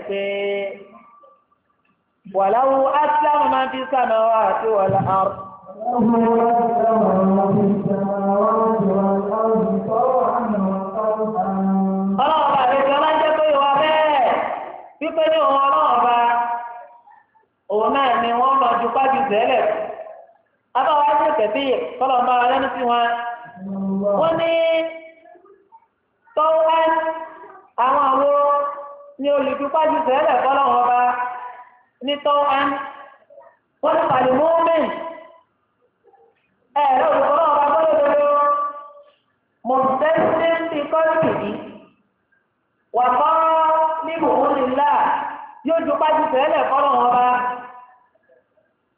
Speaker 1: ولو أسلم من في السماوات والأرض ọlọ́ọ̀bá àgbẹ̀kẹ́ máa ń jẹ́ pé ìwà bẹ́ẹ̀ wípé ní òun ọlọ́ọ̀bá òun náà ni wọ́n lọ ju pájú lẹ́nu sí wọn wọ́n ní àwọn ni ní tọ́wá wọ́n ti pàdé mọ́ọ́mẹ́ǹtì
Speaker 2: ẹ̀rọ olùkọ́ ọba gbọ́dọ̀
Speaker 1: lọ́wọ́ mọ̀tẹ́sítẹ́ǹtì kọ́ọ̀tì yìí wà kọ́ níbo òun nílá yóò ju pájú tẹ́lẹ̀ fọ́lọ̀ wọn bá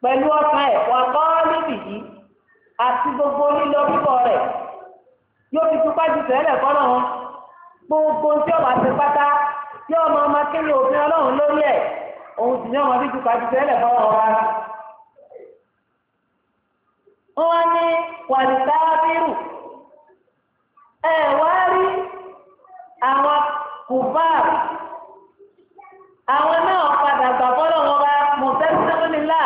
Speaker 1: pẹ̀lú ọ̀sán ẹ̀ wà kọ́ níbi yìí àti gbogbo lílọ bíbọ̀ rẹ̀ yóò fi tupá ju tẹ́lẹ̀ fọ́lọ̀ wọn gbogbo tí ọba ti pátá yóò mọ ọmọ kéwì òfin ọlọ́run lórí ẹ̀ òun sì ní ọmọ bíi tukà ti tẹ́lẹ̀ fọ́ ọ̀rọ̀ wa. wọ́n wá ní kwalita bírù ẹ wá rí àwọn kùbáàrù
Speaker 2: àwọn náà padà gbà fọ́lọ́ wọn bá mọ̀tẹ́sẹ́mọ́nìlá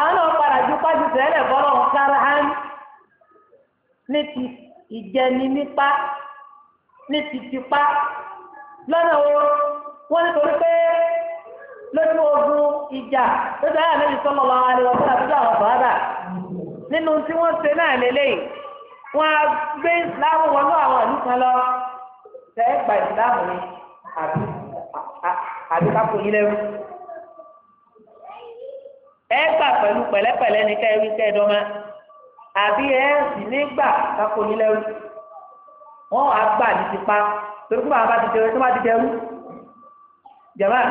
Speaker 1: àwọn náà padà ju pàṣẹ tẹ́lẹ̀ fọ́lọ́ wọn kára hán ní ti ìjẹni nípa ní ti tipa lọ́nà wo wọ́n nítorí pé lójú ogun ìjà lójú ayé àlejò sọlọ lọ àríwá fún àbújá àwọn bàbá nínú tí wọn ṣe náà lélẹyìí wọn á gbé ìsìláàmù wọnú àwọn ìlú kan lọ tẹ ẹ gba ìsìláàmù ni àbí àbí kápò yín lẹrú ẹ gbà pẹ̀lú pẹ̀lẹ́pẹ̀lẹ́ ní kẹrí kẹdọmọ àbí ẹ sì ní gbà kápò yín lẹrú wọn á gbà ní tipa torí kí wọn bá ti dẹrú tí bá ti dẹrú jẹmọ.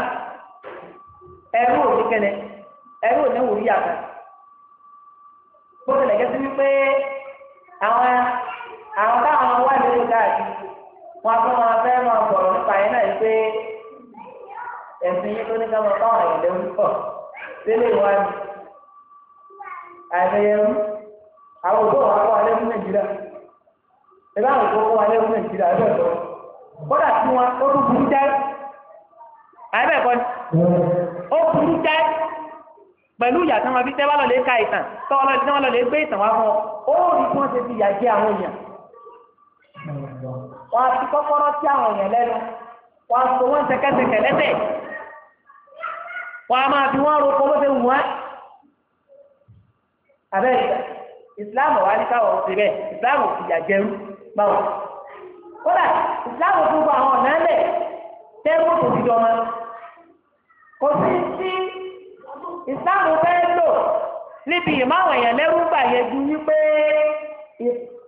Speaker 1: ẹrú òní kẹlẹ ẹrú òní wòlíì àgbà bókè lẹgẹsí wípé àwọn àwọn táwọn wà nínú káàkiri wọn fún wọn fẹ́ máa bọ̀rọ̀ nípa yẹn náà wípé ẹ̀sìn yìí tó ní ká máa bá ń bọ̀ sílẹ̀ wá ní àìmọye ẹrú àwọn òbí wọn kọ́ alẹ́ fún nàìjíríà ẹ bá àwọn òbí wọn kọ́ alẹ́ fún nàìjíríà ó burú jẹ́ pẹ̀lú ìyá tí wọ́n fi tẹ́wọ́ lọ́lẹ́ ka ìtàn tọ́wọ́ lọ́lẹ́ tí wọ́n lọ́lẹ́ gbé ìtàn wá fún ọ ó rí kí wọ́n ṣe fi ìyà jẹ àwọn èèyàn wọ́n á fi kọ́kọ́rọ́ sí àwọn èèyàn lẹ́nu wọ́n á so wọ́n ṣẹ̀kẹ̀ṣẹ̀kẹ̀ lẹ́sẹ̀ wọ́n á máa fi wọ́n ro kọ́ lóṣèlú wọn. abẹ́ ìsìláàmù wa ní káwọn ò sí bẹ́ẹ̀ ìsìláàmù ìyà jẹrú báwo. kódà ìsìláàmù gbogbo àwọn ọ̀nà kò sí sí ìsìláàmù fẹ́ lò níbi ìmáwọn èèyàn lẹ́rú gbà yẹn ju wípé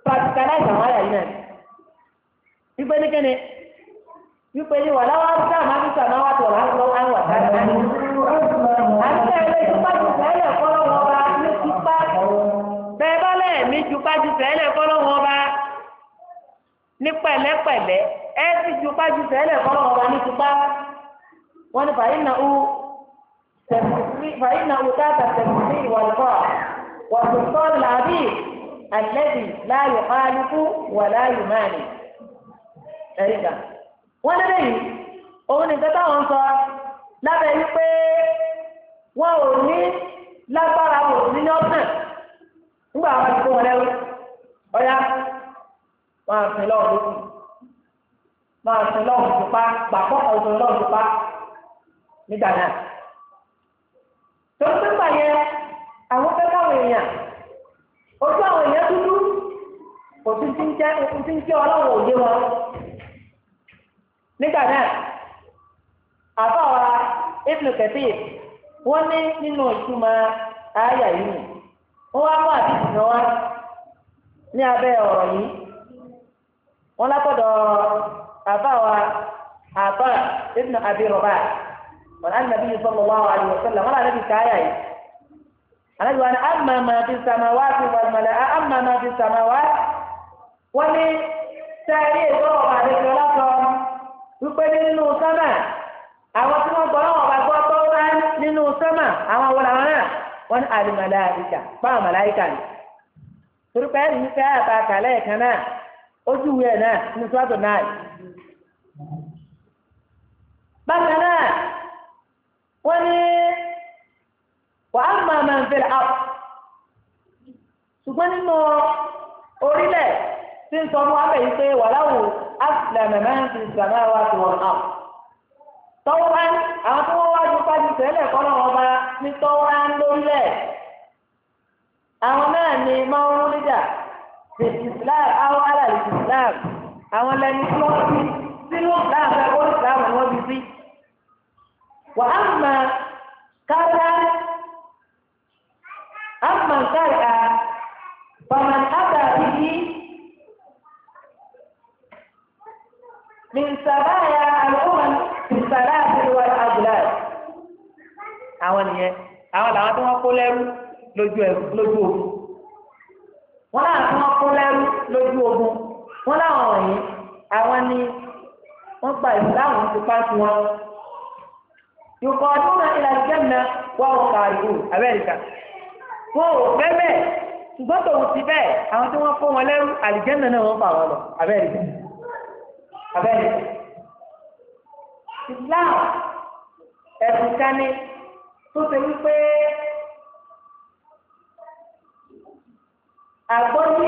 Speaker 1: practicalize àwọn àyà yìí náà wípé ní kíni wípé ní wà láwọn arúgbó àmọ́ àbí sàmọ́ wà tó wà lọ́wọ́ àwọn àgbà náà àti ẹ̀rọ ìdúpá ju sẹ́lẹ̀ fọlọ́wọ́ ọba ní kípa bẹ́ẹ̀ bá lẹ́ẹ̀mí ju pa ju sẹ́lẹ̀ ọba ní pẹ̀lẹ́pẹ̀lẹ́ ẹ ti ju pa ju sẹ́lẹ̀ ọba ní kípa wọ́n ní fàyínàwó fàyínàwó tábà tẹ̀sí ìwàlùkọ́ wàtúntọ́ làbí àlẹ́bí láàyò pálíkù wà láàyò máàlì. ẹ̀ríkà wọ́n lé lẹ́yìn òun nìkan táwọn sọ lábẹ́ wípé wọn ò ní lágbára wò ní ọ̀sán nígbà wọn ti kó wọn lẹ́rú ọ̀yá wọn àfin lọ́wọ́ lókun wọn àfin lọ́wọ́ lókun pa gbàgbọ́ ọ̀gbìn lọ́wọ́ lókun pa nígbà náà. tó ń pípa yẹn àwọn fẹ́ káwọn èèyàn ojú àwọn èèyàn dúdú kò sí ti ń jẹ́ ikun ti ń jẹ́ ọlọ́wọ́ òye wọn nígbà náà àbáwá Ibn Kathir wọ́n ní nínú ìtumọ̀ àyà yìí wọ́n wá mú àdìsí náà wá ní abẹ́ ọ̀rọ̀ yìí wọ́n lápọ̀dọ̀ àbáwá àbá Ibn Abi wọn àná nàbí sọlọ wà wà lọ sọlọ wọn àná bìtà ayà yìí àná bìwà ni àmà mà fi sàmà wá fi wàlùmọ̀lẹ̀ àmà mà fi sàmà wá wọn ni sẹ́ẹ̀rí èkó ọ̀bà àdéhùn ọlọ́kọ wípé nínú sọ́mà àwọn tí wọ́n gbọ́ ọ̀bà gbọ́ tó wá nínú sọ́mà àwọn wọlé àwọn náà wọn ni àlùmọ̀lẹ̀ ni torí pé ẹ̀rí wípé àbá àkàlẹ̀ ẹ̀kan náà ojú ìwé ẹ̀ náà ní wọ́n ní wà á máa máa ń fẹ́rẹ̀ áàpù ṣùgbọ́n nínú orílẹ̀ tí ń sọ fún wa bẹ̀yìí pé wà láwù áṣìlẹ̀mẹ̀ máa ń fi ìsìlámù àwọn àti wọn áàpù tọ́wọ́ bá ń àwọn tó wọ́n wá ju pàṣẹ tẹ́lẹ̀ kọ́ lọ́wọ́ bá ní tọ́wọ́ bá ń lórílẹ̀ àwọn náà ni máa ń rúlídà the Islam àwọn alàlè Islam àwọn lẹni tí wọ́n ti sínú láàbẹ̀ ó Islam ni wọ́n ti sí. وأما كره أما كره فمن أتى به من سبايا الأمم السلاسل والأجلال àwọn nìyẹn àwọn làwọn tí wọ́n kó lẹ́rú lójú ẹrú lójú ogun wọn làwọn tí wọ́n kó lẹ́rú lójú ogun wọn làwọn wọ̀nyí àwọn ni wọ́n gba ìsìláàmù ti pa tiwọn yòkọ̀ọ́dúnrún ilẹ̀ ìjẹ́mìnà wọ́n wọ́n kàrí hù amẹ́ríkà wọn ò fẹ́ bẹ́ẹ̀ ṣùgbọ́n tòun ti bẹ́ẹ̀ àwọn tí wọ́n fún wọn lẹ́rú àlìjẹ́mìnà náà wọ́n fà wọ́n lọ amẹ́ríkà amẹ́ríkà islam ẹ̀sùn kání tó ṣe wípé àgbọ́dí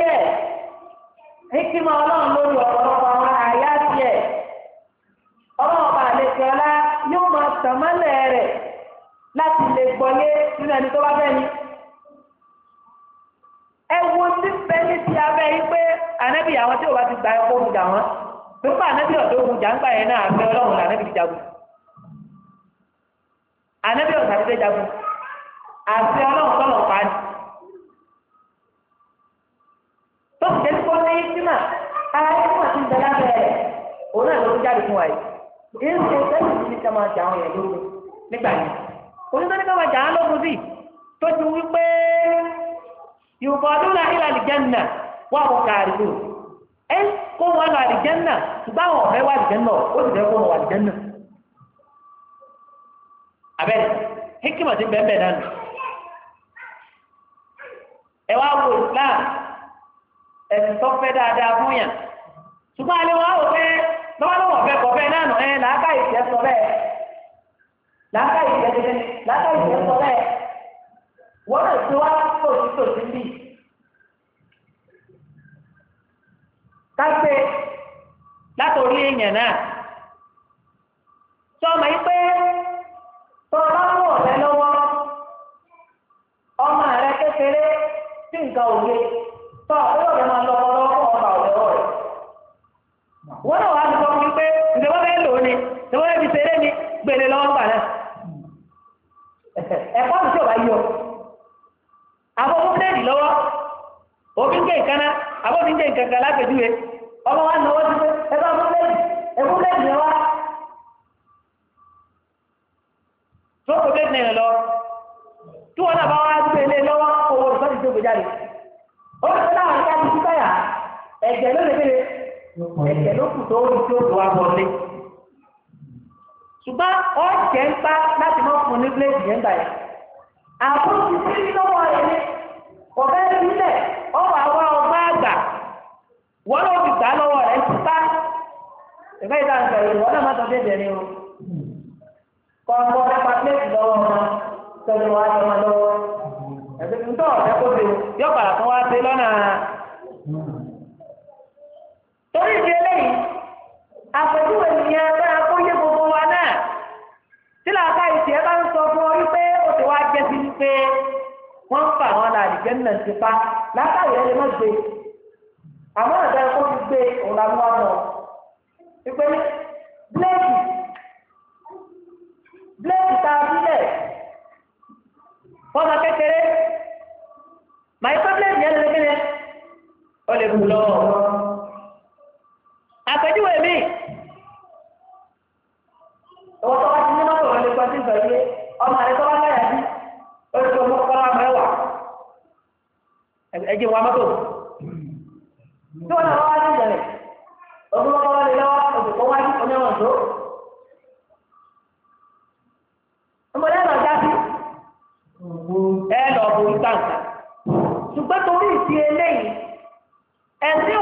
Speaker 1: hikima ọlọ́run lórí ọ̀pọ̀lọpọ̀ àwọn àyà tiẹ̀ ọlọ́run bá lè fi ọlá. tàmálẹ̀ rẹ̀ láti lè gbọ́lé nínú ẹni tó bá fẹ́ ni. ẹ tí ní ti abẹ́ pé ànábì àwọn tí ò bá ti gba ẹ̀kọ́ ogun jà wọ́n pípa ànábì ọ̀dọ́ ogun jà ń gbà yẹn náà àfẹ́ ọlọ́run là ti jagun. ti jagun àti ọlọ́run tọ́lọ̀ pa ni. tó kó ní ara ká máa jà àwọn èèyàn lógun nígbà yẹn oníṣẹ́ ní ká máa jà á lógun sí tó ti wí pé yorùbá ọdún náà ìlà àlìjẹ́nà wà wọ kàrídò ẹ kó wọn lọ àlìjẹ́nà ṣùgbọ́n àwọn ọ̀rẹ́ wà àlìjẹ́nà ó sì fẹ́ kó wọn wà àlìjẹ́nà. abẹ́rẹ́ hikima ti bẹ́ẹ̀ bẹ́ẹ̀ náà nù ẹ wá wo Islam ẹ̀sìn tó fẹ́ dáadáa fún yàn ṣùgbọ́n àlewọ́ àwọn fẹ́ẹ́ bàbá lọ́wọ́ ọ̀fẹ́ kọ̀ bẹ́ẹ̀ náà nọ ẹ làákà ìṣẹ́ sọ bẹ́ẹ̀ làákà ìṣẹ́ sọ bẹ́ẹ̀ làákà ìṣẹ́ sọ bẹ́ẹ̀ wọ́n lè ti wá tòsí tòsí bì kápẹ́ látòrí èèyàn náà sọ ma pé tọ́lá lọ́wọ́ ọ̀fẹ́ lọ́wọ́ ọmọ rẹ kékeré tí nǹkan òye tọ́ ọ rẹ máa lọ́wọ́ lọ́wọ́ ọba ọ̀rẹ́ rẹ̀ wọ́n lọ́wọ́ ni tí wọ́n fi ṣeré ni gbèlè lọ́wọ́ gbà náà ẹ̀kọ́ àti ṣọ̀bá yọ àbọ̀ fún bíléèdì lọ́wọ́ òbí ń gé ìkànnà àbọ̀ fi ń gé ìkànkà lápèjúwe ọmọ wa náwó ti pé ẹ̀kọ́ fún bíléèdì ẹ̀kọ́ bíléèdì lọ́wọ́ tó kò bíléèdì náà lọ tí wọ́n náà bá wá gbélé lọ́wọ́ owó ìfọ́dí tó gbèjà rẹ̀ ó ti láwọn ká ti kú báyà ẹ̀jẹ̀ ló lè kéde ẹ̀jẹ̀ ló kù tó ó ti tó ṣùgbọ́n ọ jẹ́ ń pa láti mọ́ fún ní bíléèdì yẹn gbà yẹn. àbúrò ti sí lọ́wọ́ rẹ̀ ni ọ̀bẹ nílẹ̀ ọwọ́ àwa ọgbà àgbà wọ́n ló fi gbà lọ́wọ́ rẹ̀ ti pa. o. lọ́wọ́ wọn lọ́wọ́. ẹ̀sìn ọ̀rẹ́ kó tí làákà ìtì ẹ bá ń sọ fún ọ wípé ó ti wá jẹ́ sí pé wọ́n ń fa àwọn alàdìjẹ́ náà ti pa látàrí ẹ lè má gbé àmọ́ ọ̀dà ẹ̀kọ́ ti gbé òun la mú wa lọ wípé bíléèdì bíléèdì ta sílẹ̀ fọ́nà kékeré màá ikọ́ bíléèdì yẹn lè kéde ọ lè kú lọ́wọ́ àpèjúwe mi. tọwọ́ tọwọ́ ti ní mọ́tò rẹ̀ lẹ́kọ̀ọ́ sí ìgbàlódé ọmọ rẹ̀ tọwọ́ náà yàtí ó ti fọwọ́ kọ́lá mẹ́wàá ẹ̀jẹ̀ wa mọ́tò tí wọ́n náà wá sí ìjẹ̀lẹ̀ ọdún wọn kọ́lá lè lọ́wọ́ òṣùpọ̀ wájú oníwọ̀n tó. ọmọdé náà já sí ẹ lọ bo ìgbà nǹkan ṣùgbọ́n eléyìí ẹ̀sìn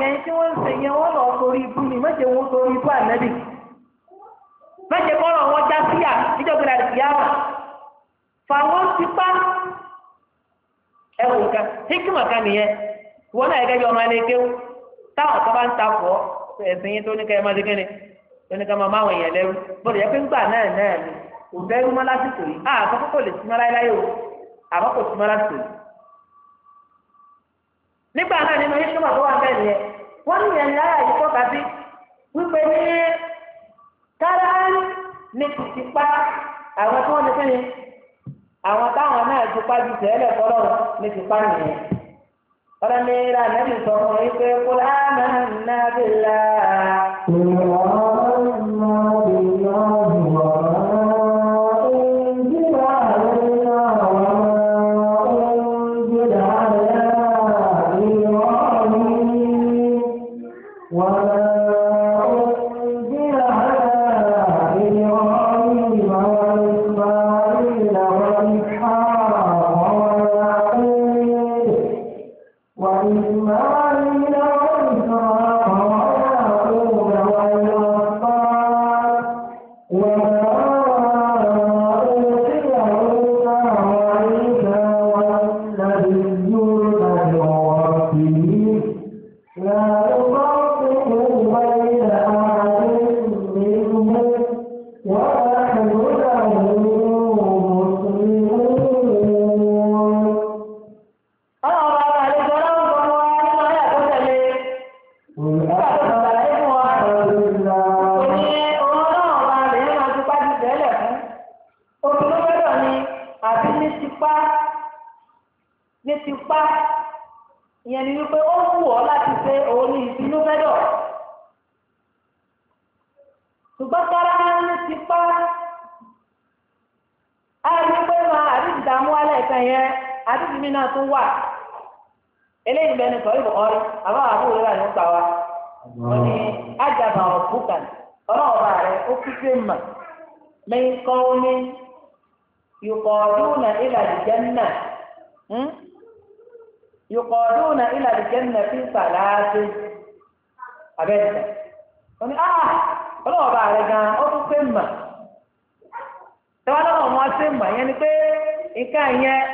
Speaker 1: yẹn tí wọ́n ń ṣe yẹn wọ́n lọ sórí ibú ni mẹ́jẹ̀ wọ́n sórí ibú ànẹ́bì mẹ́jẹ̀ kọ́rọ̀ wọn já síyà níjọba ìlànà ìyáwó fàwọn tipa ẹwù nǹkan hikima kan nìyẹn wọn náà gẹ́gẹ́ ọmọ ẹni kéwù táwọn kan bá nígbà náà nínú yíṣúmọ̀ tó wà bẹ́ẹ̀ nìyẹn wọ́n ní ìyẹn lára yìí tọ́ka sí wípé ní kára ní kìkì pa àwọn tí wọ́n ní fún àwọn táwọn náà ti pa ju tẹ́lẹ̀ fọlọ́run ní ti pa nìyẹn. ọ̀rẹ́ mi ra nẹ́bí sọ fún mi pé kó láàmú nàbìlà. ìwà
Speaker 3: ọ̀rọ̀ náà lè
Speaker 1: mí náà tún wà eléyìí bẹ́ẹ̀ ni sọ̀rọ̀ ìbò ọ̀rí àbá àbúrò rẹ̀ ló gbà wá wọ́n ní ájàbà ọ̀bùkà ọlọ́ọ̀bà rẹ̀ ó kú sí mà mí kọ́ hmm? ó ní yùkọ̀ọ́dúnà ìlà ìjẹ́nà yùkọ̀ọ́dúnà ìlà ìjẹ́nà fi sàlàáṣe abẹ́ẹ̀dẹ̀ ah, wọ́n ní áà ọlọ́ọ̀bà rẹ̀ gan ó kú sí mà tẹ́wọ́n náà wọ́n sí mà yẹn ni pé nǹkan yẹn.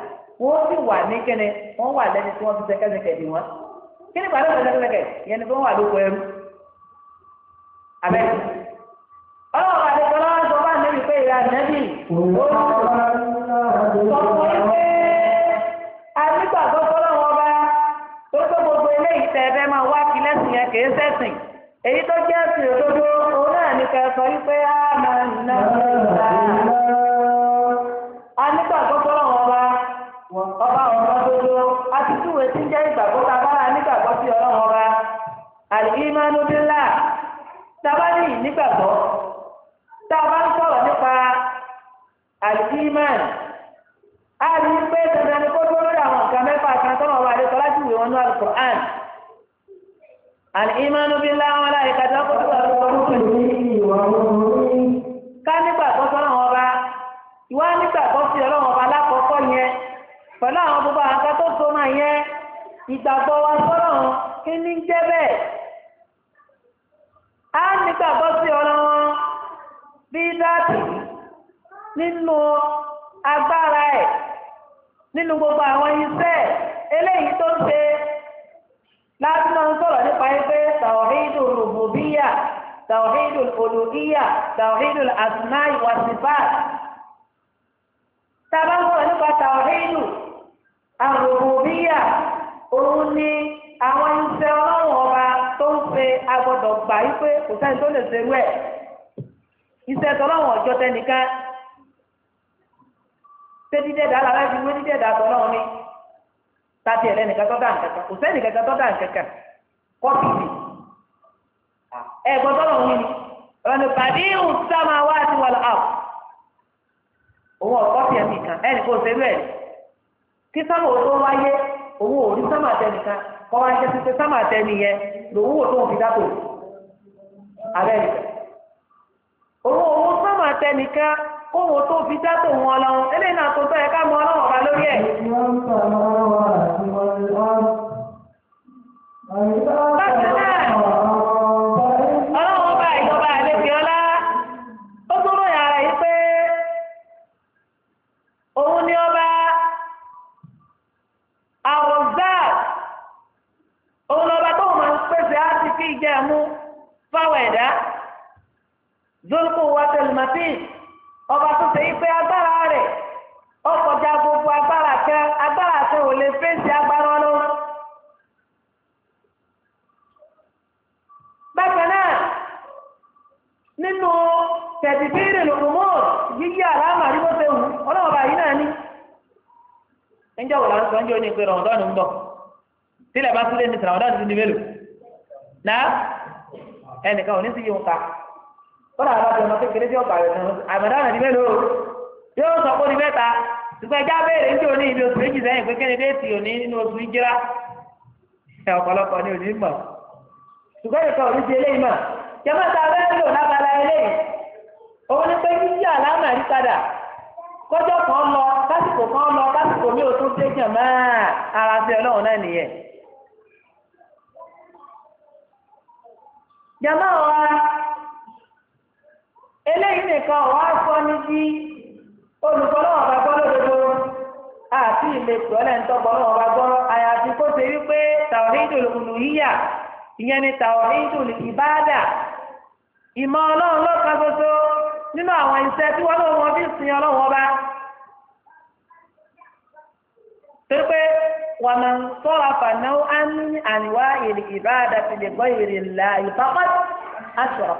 Speaker 1: wọ́n sì wà ní kẹ́nẹ́ wọ́n wà lẹ́ni tí wọ́n sẹ́kẹ́sẹ́kẹ́ ni bàálù wọn sẹ́kẹ́sẹ́kẹ́ yẹn ni wọ́n wà lóko ẹrú abẹ́ ọlọ́wọ́ àdékọ́ lọ́wọ́ sọ bá nẹ́bí pé ìyá nẹ́bí sọ̀rọ̀ pé àdìgbàgbọ́ fọlọ́wọ́ bá tó tó gbogbo máa wá lẹ́sìn yẹn kìí sẹ́sìn èyí tó jẹ́ sí òdodo òun náà ní àpèjúwe tí ń jẹ́ ìgbàgbọ́ tá a bá ra nígbàgbọ́ sí ọlọ́run ọba àlìkímánú bílà tá a bá ní ìnígbàgbọ́ tá a bá ń sọ̀rọ̀ nípa àlìkímánú a rí i pé dandan ni kó dúró lórí àwọn nǹkan mẹ́fà kan tọ́nà ọba àdékọ́ láti wè wọn ní alukur'an àlìkímánú bílà wọn láyé kájọ kó tó wà lórí ká nígbàgbọ́ sọ́nà ọba ìwà nígbàgbọ́ sí ọlọ́run ọba lákọ̀ọ́kọ́ yẹn pẹ̀lú àwọn ìgbàgbọ́ wa sọ́rọ̀ wọn kí ní jẹ́ bẹ́ẹ̀ á nígbàgbọ́ sí ọ̀rọ̀ wọn bí dáàbì nínú agbára ẹ̀ nínú gbogbo àwọn iṣẹ́ eléyìí tó ń ṣe láti máa ń sọ̀rọ̀ nípa ẹgbẹ́ tàwọ̀hídùn rùbùbíyà tàwọ̀hídùn olùhíyà tàwọ̀hídùn àsùnáì wàsíbà tàbá ń sọ̀rọ̀ nípa tàwọ̀hídùn àrùbùbíyà. òun ni àwọn iṣẹ́ ọlọ́run ọba tó ń ṣe agbọ́dọ̀ gbà yí pé kò sẹ́ni tó lè ṣerú ẹ̀ iṣẹ́ tọ́lọ́run ọjọ́ tẹnìkan ṣé dídẹ̀dà alára fi wé dídẹ̀dà tọ́lọ́run ni tàbí ẹ̀rẹ́ nìkan nika dà nǹkankan kò sẹ́ni nìkan tó dà nǹkankan kọ́pìtì ẹ̀ gbọ́dọ̀ lọ́wọ́ ni ọ̀nà wá sí wàlá àpò òun ẹ̀mí kan owó òní sámà tẹnìkan kọ́ wá jẹ́ pípé sámà tẹnì yẹn lòun wò tó ń fi dáàbò abẹ́ nìkan owó owó sámà tẹnìkan kówó tó fi dáàbò wọn lọ eléyìí náà tó tọ́ ẹ ká mọ ọlọ́wọ́ ọba lórí ẹ̀. almatin ọba tó ṣe yí pé agbára rẹ̀ ọkọjá gbogbo agbára kan agbára kan ò lè fèsì agbára ọlọ́run. bákan náà nínú tẹ̀síbírì lòmùmọ́ yíyí àlámà rí bó ṣe wù ọlọ́run bàyí náà ní. ẹjọ́ wò láti sọ́njọ́ ní pé rọ̀mọ̀dọ́nù ń bọ̀ sílẹ̀ bá tún lé ní sọ̀rọ̀mọ̀dọ́nù ti di mélòó náà ẹnìkan ò ní sí yóò ká. Ọ na àti ọmọ kékeré tí ọ̀gá rẹ̀ náà àmọ̀dá rẹ̀ yóò sọ pé ní ṣùgbọ́n ẹja béèrè ní òní ìlú oṣù méjì pé kéde déètì òní nínú oṣù ìjírá ọ̀pọ̀lọpọ̀ ni òní mọ̀ ṣùgbọ́n ìkọ̀ òní ti eléyìí mọ̀ jẹ́mọ́ ta bẹ́ẹ̀ lò eléyìí òun ni pé yíyí àlámà padà kọjọ́ kan lọ kan lọ mi ò tún máa eléyìí nìkan wà á sọ ní bí olùkọ́ náà bá gbọ́ lódodo àti ìletò ẹlẹ́ńtọ́gbọ́ náà bá gbọ́ àyàfi kó ṣe wípé tawhidul uluhiyya ìyẹn ni tawhidul ìbáàdà ìmọ̀ ọlọ́run lọ́kàn ṣoṣo nínú àwọn iṣẹ́ tí wọ́n lọ́wọ́ wọn fi sin ọlọ́run ọba. torí pé wọ́n máa ń sọ́ra fànáwó á ní àníwá ìrì ìbáàdà ti lè gbọ́ ìrì ìlà ìfapá aṣọ̀rọ̀.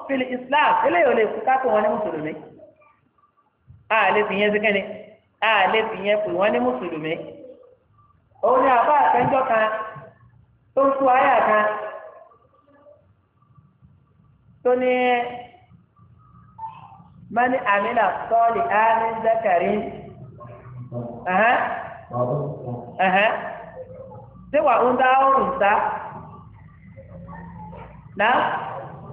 Speaker 1: fil islam eléyìí ò lè kú ká pè wọ́n ní mùsùlùmí a lè fi yẹn sí kẹ́ni a lè fi yẹn pè wọ́n ní mùsùlùmí òun ni àbá àtẹ́jọ́ kan tó ń tú ayà kan tó ní mani amina sọ́ọ̀lì amin zakari ṣé wà ń dá ọ̀rùn sá náà.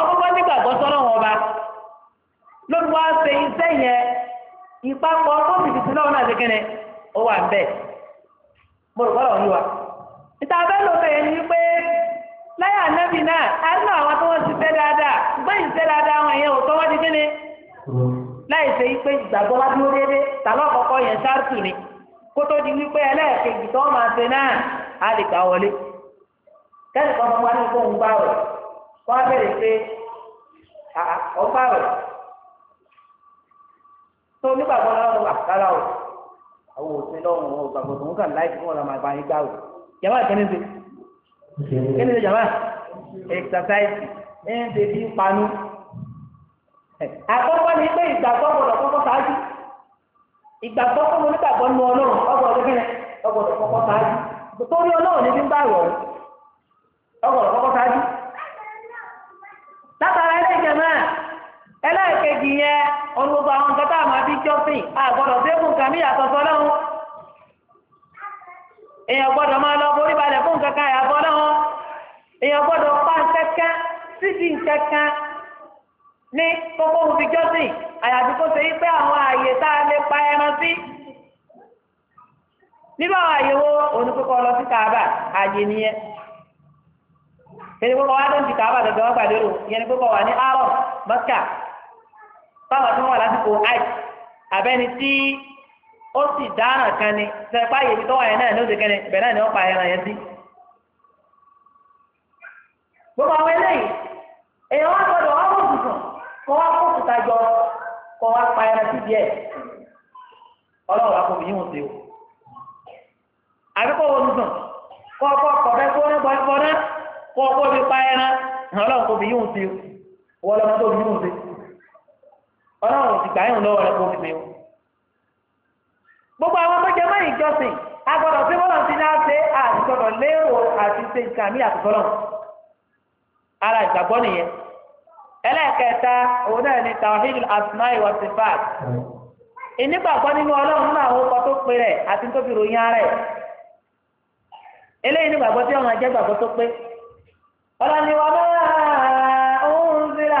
Speaker 1: ọkọ̀kọ́ nígbàgbọ́ sọ́rọ̀ wọn ba ló ń wá ṣe iṣẹ́ yẹn ìpapọ̀ tó ti fìtí náà náà ṣèkínni ó wà ń bẹ̀ mo rò bọ́lọ̀ yíwa. ìta bẹ́ẹ̀ ló bẹ̀rẹ̀ ni pé láyé ànábì náà àwọn tó wọ́n ti fẹ́ dáadáa ìṣe dáadáa wọn yẹn ò tọ́ ṣe ìgbàgbọ́ wá dúró déédé yẹn ṣáàtù ni kó kọ́ abẹ́rẹ́ pé ọba rẹ̀ tó nígbàgbọ́ lọ́wọ́ àkàrà o àwọn òsín lọ́wọ́ wọn gbàgbọ́ tó ń kà láì fún ọ̀la màgbà yín gbà o jàmbá kẹ́ni ṣe kẹ́ni ṣe jàmbá exercise ẹ̀ ń ṣe bí panu àkọ́kọ́ ni pé ìgbàgbọ́ gbọ́dọ̀ kọ́kọ́ ṣáájú ìgbàgbọ́ fún onígbàgbọ́ nu ọlọ́run ọgbọ̀dọ̀ kẹ́ni ọgbọ̀dọ̀ kọ́kọ́ ṣáájú torí ọlọ́run ní bí ń bá rọ̀ jẹ̀mọ́ ẹlẹ́ẹ̀kejì yẹn olùgbà àwọn nǹkan tá a máa fi jọ́sìn àgbọ̀dọ̀ sẹ́kù nǹkan mí yàtọ̀ sọ́lọ́hún èèyàn gbọ́dọ̀ máa lọ borí balẹ̀ fún nǹkan kan lọ́hún èèyàn gbọ́dọ̀ pa nǹkankan síbi nǹkankan ní kókó ohun fi jọ́sìn àyàfi kó ṣe pé àwọn ààyè tá a lè pa ẹran sí nígbà lọ sí kàábà mọ́kà fáwọn tó wà lásìkò àìsí abẹ́ni tí ó sì dáná kan ni sẹ́pá yèmí tó wà yẹn náà ní oṣù kẹ́ni ibẹ̀ ni wọ́n pa ẹran gbogbo àwọn eléyìí èèyàn wá gbọdọ̀ wá tuntun kó wá kó kó wá pa ẹran sí díẹ̀ ọlọ́run àpò mi yíwọ̀n sí o. àbíkó wọ́n lọ́mọ sí ọlọ́run ti gbà lọ́wọ́ o. gbogbo àwọn ọmọdé mọ́ ìjọsìn agbọ́dọ̀ sí bọ́lá ti náà ṣe àtìgbọ́dọ̀ lérò àti ṣe ara ìgbàgbọ́ nìyẹn ẹlẹ́ẹ̀kẹta òun náà ni asma'i wa sifat ìnígbàgbọ́ nínú ọlọ́run tó rẹ̀ àti tó fi ròyìn ara ẹ̀ eléyìí nígbàgbọ́ tí ọ̀run tó pé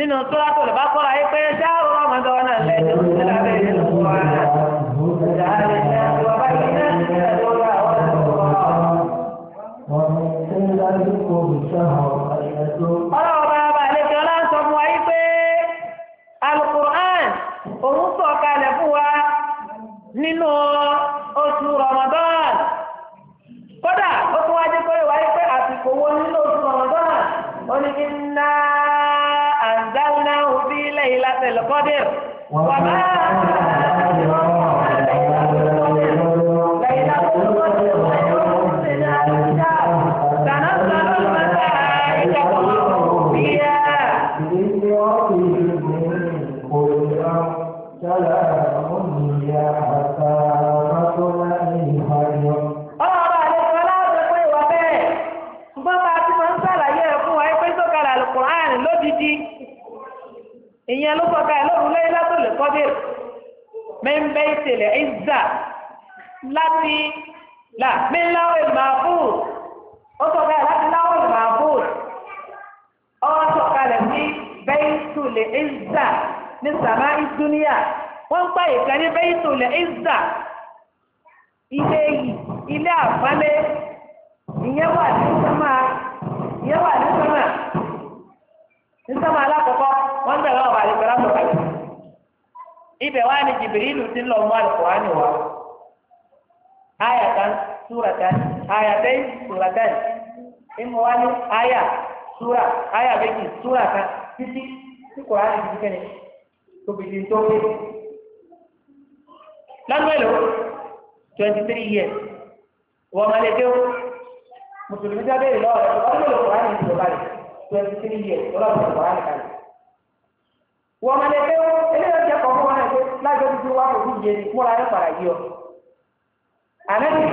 Speaker 1: nínú sọ́látò lè bá kọ́ra yí pé ṣáàrù ọmọdé wọn náà lẹ́yìn lábẹ́ ìlú ليلة القدر وما lè ìzà láti là mí láwọ̀ ìmàbùn ó sọ bẹ́ẹ̀ láti láwọ̀ ìmàbùn ó sọ kalẹ̀ sí bẹ́ẹ̀tù lè ìzà ní sàmá ìdúníà wọ́n ń pààyè kan ní bẹ́ẹ̀tù lè ìzà ilé yìí ilé àfálẹ́ ìyẹn wà ní sọ́mà ìyẹn wà ní sọ́mà ní sọ́mà alákọ̀ọ́kọ́ wọ́n bẹ̀rẹ̀ ọ̀ ibẹ̀ wá ní jìbìrìlù tí ń lọ mú àlùkùránì wá ayatan suratan ayatayn suratan ìmọ̀ wá ní aya sura aya méjì sura kan títí tí kùránì ti kẹ́ni tóbi ti tó pé lánàá èlò twenty three years wọ́n máa lè dé o mùsùlùmí jábẹ́ ìlọ́ọ̀rẹ́ ọdún èlò kùránì ti lọ báyìí twenty three years ọlọ́run kùránì kalẹ̀ wọ́n máa lè pé eléyìí ọjà kọ̀ọ̀kan wọn náà pé lájọ́ tuntun wà kò tíì yé ni múra ní padà yí ọ. àlẹ́bí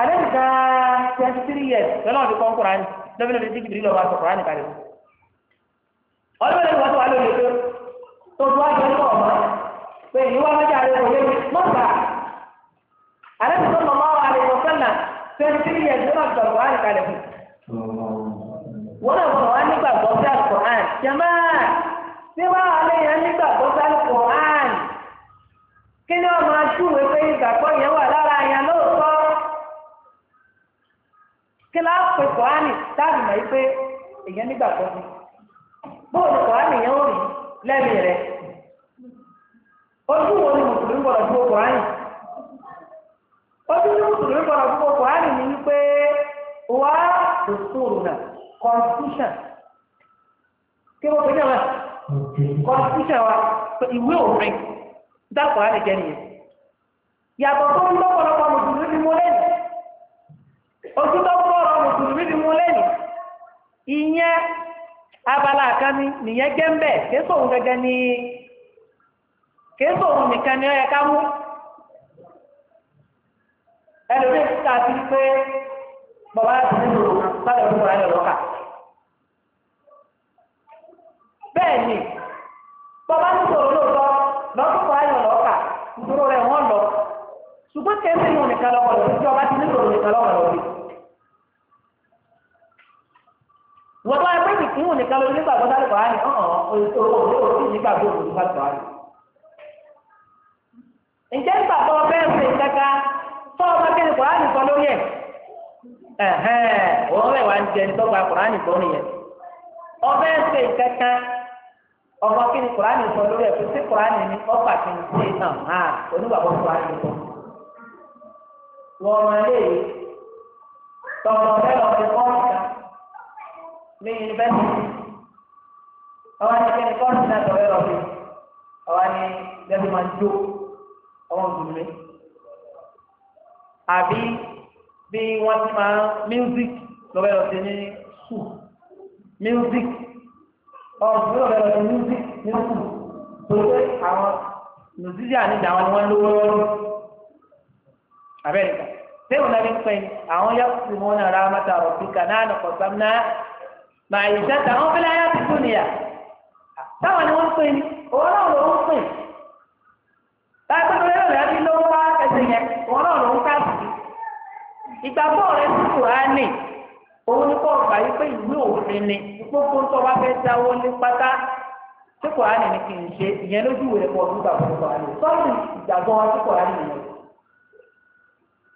Speaker 1: àlẹ́bí gan-an twenty three years lọ́nà ọdún kan kúránì lọ́bìnrin ọdún dìgbìrì lọ́wọ́ aṣọ kúránì kàlẹ́. ọlọ́bìnrin wọn tó wà lóye pé tó tó wájú ẹni wọ̀ mọ́ pé ìlú wa mẹ́jọ àlẹ́ òye mi mọ́ta. àlẹ́bí tó lọ́ mọ́ àlẹ́ ìwọ̀ sọ́nà twenty three years lọ́nà ọdún kan kúránì kàlẹ́. wọ́n náà wọ́n wá nígbàgbọ́ tí wọ́n á léèyàn nígbàgbọ́ sálùkù hàn kí ni ọmọ ajúwe pé ìgbàgbọ́ yẹn wà lára yẹn lóòótọ́ kí láà pè kọ́ánì na mọ̀ pé èèyàn nígbàgbọ́ ni bóòlù yẹn ò rí lẹ́mí ojú wo ni mùsùlùmí ojú ni mùsùlùmí ni wàá kí wọ́n kọ́ńtíṣẹ̀ wa ìwé òfin dákọ̀ á lè jẹ́ nìyẹn yàtọ̀ tó ń lọ́pọ̀lọpọ̀ mùsùlùmí ni mo lẹ́nu ojú tó pọ̀rọ̀ mùsùlùmí ni mo lẹ́nu ìyẹn abala àkànni nìyẹn jẹ́ ń bẹ̀ kéésù òun gẹ́gẹ́ ni kéésù òun nìkan ni ó yẹ ká mú ẹlòmíì ká sí pé bàbá àti nínú òun sálẹ̀ òun kò ráyè lọ́kà. bẹ́ẹ̀ ni bàbá ní sọ̀rọ̀ lóòótọ́ lọ́kọ̀ọ̀kọ̀ ayọ̀ lọ́ọ̀kà ìṣòro rẹ̀ wọ́n lọ ṣùgbọ́n kẹ́sì ní òǹkà lọ́kọ̀ lọ́wọ́ tí ọba ti ní sọ̀rọ̀ òǹkà lọ́kọ̀ lọ́wọ́ rí. wọ́n tó ẹgbẹ́ mi kí òǹkà lọ́wọ́ nígbàgbọ́ sálùkọ̀ á ní ọ̀hún ǹjẹ́ ń gbàgbọ́ bẹ́ẹ̀ ṣe kaka tó ọba kí ni kùránì sọ lórí ẹ̀ ẹ̀hẹ́n òun rẹ̀ wá ń jẹ ń tọ́gba kùránì tó nìyẹn ọbẹ̀ ṣe kaka ọkọ kí ni kuraani sọ lórí ẹ pé kuraani ni ọkọ àti ṣe náà hàn onígbàgbọ́ kuraani sọ. wọ́n máa lè tọmọ bẹ́ẹ̀ lọ sí kọ́ọ̀sì ní yunifásitì ọwọ́ ní kí ni kọ́ọ̀sì náà tọ̀ lọ sí ọwọ́ ní lẹ́bi máa jó ọwọ́ ìdùnnú. àbí bí wọ́n ti máa music lọ́bẹ̀ lọ sí ní school music ọ̀gbìn ọ̀rẹ́ rẹ̀ ní music ní kù tó pé àwọn musician ní ìdáwọn ni wọ́n lówó lọ́rùn abẹ́rẹ́ kan tẹ́wọ̀n náà ní pẹ́ àwọn yá kùsì mọ́ náà rà mọ́ta ọ̀rọ̀ fi kà náà nọ̀kọ̀ sám náà mà ìṣe táwọn fẹ́lẹ́ ayé àti dúnìyà táwọn ni wọ́n pè ní owó náà lòún pè láti pé lórí ọ̀rẹ́ òun ní kọ́ ọ̀gbà yìí pé ìwé òfin ni gbogbo tó bá fẹ́ dáwọ́ ní pátá tí kò á nì ní kì í ṣe ìyẹn lójú ìwé pọ̀ ní ìgbà pọ̀ kọ̀ á nì sọ́ọ̀nù ìgbàgbọ́ wọn tí kò á nì nìyẹn.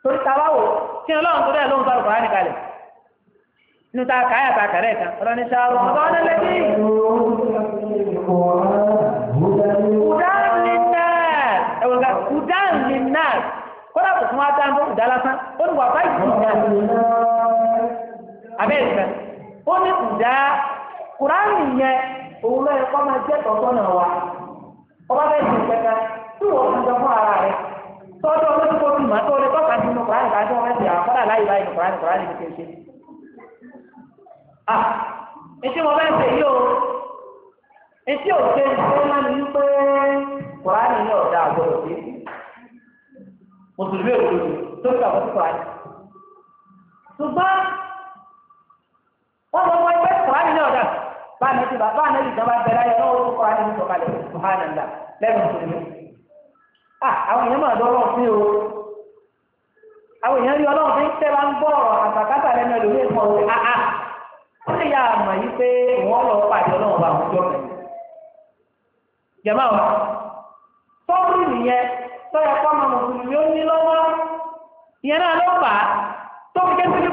Speaker 1: torí táwa wò tí ọlọ́run tó dẹ̀ lóhun sọ̀rọ̀ kọ̀ á nì kalẹ̀ nínú ta kàáyà ta kàrẹ́ kan ọ̀rọ̀ ní sàrọ̀ ọ̀rọ̀ ní lẹ́bí. kúdà ní náà kọ́dà kò fún wa dáńtó kùdà lásán ó ní wà abẹ́rẹ́ ó ní ìdá kùránì yẹn òun lọ́yẹ kọ́ máa jẹ́ tọ́tọ́ náà wa ọba bẹ́ẹ̀ sì pẹ́ka tí wọ́n ti jọ fún ara rẹ̀ tọ́jú tó fi tó lè tọ́ka sí inú kùránì kájú ọmọ ẹ̀sìn láyé báyìí kùránì kùránì ah, ní kéṣe. à mo bẹ́ẹ̀ òṣè kùránì ní ọ̀dà àgbọ̀dọ̀ sí mùsùlùmí tó wọ́n mọ̀ wọ́n ẹgbẹ́ kùránì náà dà bá a nẹ́tì bá a nẹ́tì ìjọba bẹ̀rẹ̀ ayé náà ó tún kùránì ní sọ̀kalẹ̀ mùhánàlá lẹ́nu ìṣòro. àwọn èèyàn máa dọ́rọ̀ sí o àwọn èèyàn rí ọlọ́run fi ń tẹ́ bá ń gbọ́ àtàkátà lẹ́nu ẹ̀lòmí ẹ̀kọ́ o àá ó lè yá àmọ̀ yìí pé wọ́n lọ pàdé ọlọ́run bá àwùjọ rẹ̀. jẹ̀má tọ́rù nìyẹn tọ́yẹ kọ́ ọmọ mùsùlùmí ní lọ́wọ́ ìyẹn náà ló fà á tó fi ké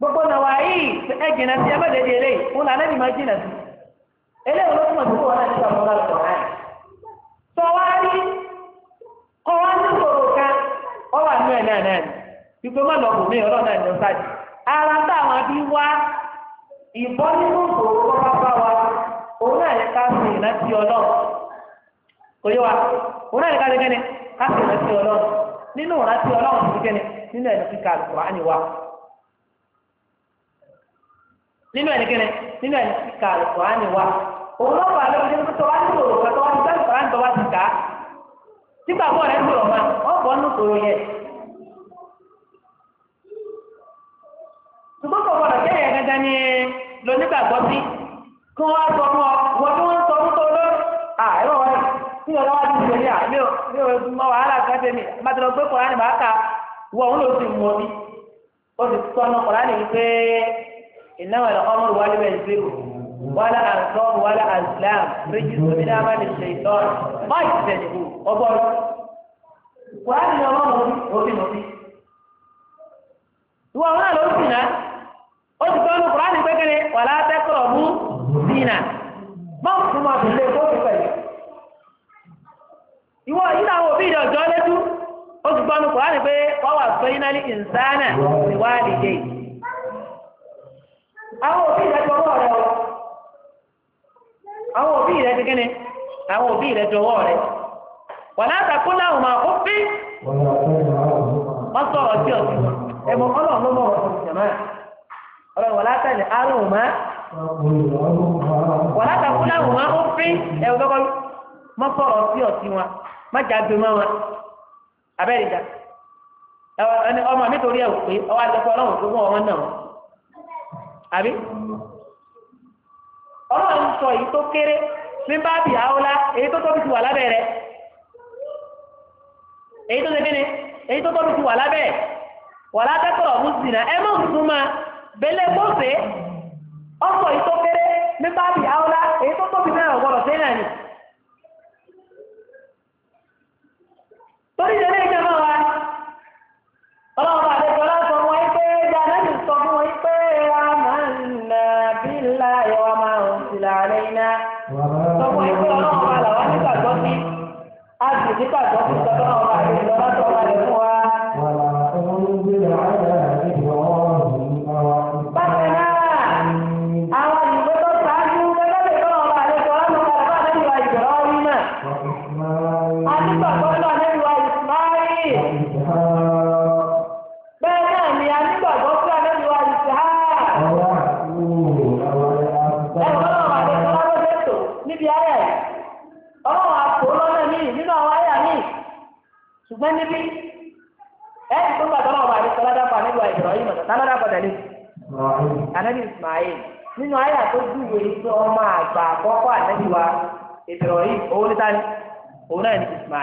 Speaker 1: gbogbo nàwa yìí ẹ jìnnà sí ẹgbẹ́ lè di eléyìí fún lànà ìmọ̀ jìnnà sí eléyìí ló túmọ̀ sí kó wọn náà nígbà mọ́ra lọ́wọ́ náà sọ wá rí kọ́ wá ní ìṣòro kan ọ wà nú ẹ̀ náà náà ni gbogbo má lọ́ọ̀bù mi ọlọ́ọ̀ náà ni ó sáàjì ara táwọn bí wá ìbọn nínú ìṣòro kọ́ bá bá wa òun náà yẹ ká fi ìrántí ọlọ́ọ̀ kò yé wa òun náà yẹ ká fi kẹ́ni ká fi ìrántí ọlọ́ọ̀ nínú ìrántí ọlọ́ọ̀ nínú ẹni nínú nínú ẹni kíkà alukurani wa òun náà wà lórí ẹni tó wá ní òwò kan tó wá ní sáré kọ́ra tó wá ti kà á nígbà bọ́ ọ̀ma ọ wọ́n tí wọ́n ń sọ fún tó wọ́n wọ́n ò mọ wàhálà mi màtí lọ gbé kọ́ra màá kà wọ́n إنما الخمر والميسر والأنصار والأزلام رجس من عمل الشيطان ما يجتنبوه وبركة وهذه الأمر وفي مفيد ìwọ àwọn àlọ́ sínà ó ti tọ́ ní kùránì gbẹ́gẹ́lẹ́ wà látẹ́kọ̀rọ̀ mú sínà má ń fún ọdún lé kó fífẹ̀ yìí ìwọ yìí làwọn òbí ìdọ̀jọ́ lẹ́tú ó ti tọ́ ní kùránì pé wọ́n wà sọ iná ní ìnsánà ìwádìí
Speaker 2: àwọn òbí rẹ̀ jọwọ́ rẹ̀ o àwọn òbí rẹ̀ ti kíni
Speaker 1: àwọn òbí rẹ̀ jọwọ́ rẹ̀ wà látàkó láwọn máa kó fí wọ́n sọ̀rọ̀ sí ọ̀sìn ẹ̀mọ́ ọlọ́run ló mọ̀ ọ̀sìn ìjọba ọlọ́run wà látàlẹ̀ àrùn mọ́ wà látàkó láwọn máa kó fí ẹ̀wọ́ kọ́kọ́ mọ́ sọ̀rọ̀ sí ọ̀sìn wọn má jáde mọ́ wọn abẹ́rẹ́ ìjà ẹni ọmọ mi torí ẹ̀ pé ọwọ́ àjọpọ̀ ọlọ́run tó mọ̀ ọmọ náà àbí ọlọ́run sọ èyí tó kéré ní báàbì àọ́lá èyí tó tóbi ti wà lábẹ́ rẹ̀ èyí tó tẹ́kẹ́ni èyí tó tóbi ti wà lábẹ́ wà látẹ́kọ̀ọ́ ọ̀hún zìnà ẹ mọ̀ tuntun máa bẹ́lẹ̀ gbọ́sẹ̀ ọkọ̀ èyí tó kéré ní báàbì àọ́lá èyí tó tóbi náà gbọ́dọ̀ sí náà torí ìdẹ́lẹ́ ìjọ àti tá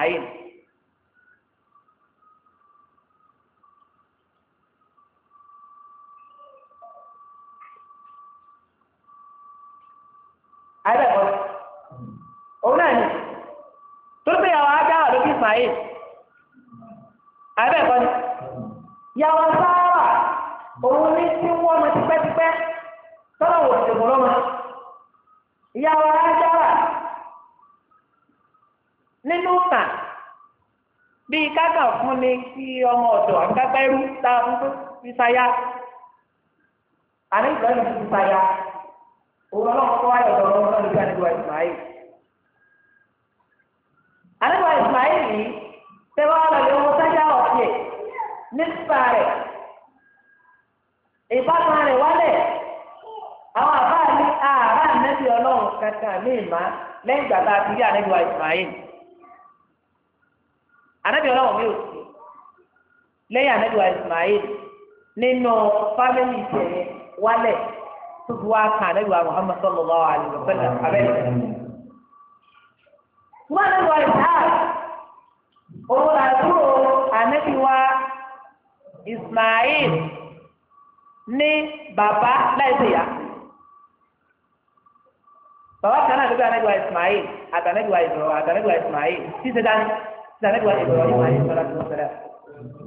Speaker 1: lain nínú fámìlì tẹ̀yẹ wálẹ̀ tó fi wá kan àlẹ́ ìwà Muhammad sallallahu alaihi wa sallam abẹ́rẹ́. wọ́n lè wọ ìsáàlì òun àbúrò ànábìwá Ismail ní bàbá láìsí ya bàbá kan náà ló bí ànábìwá Ismail àtànábìwá Ibrahim àtànábìwá Ismail tí sẹ́dáni tí ànábìwá Ibrahim àyè sọ́dá tó ń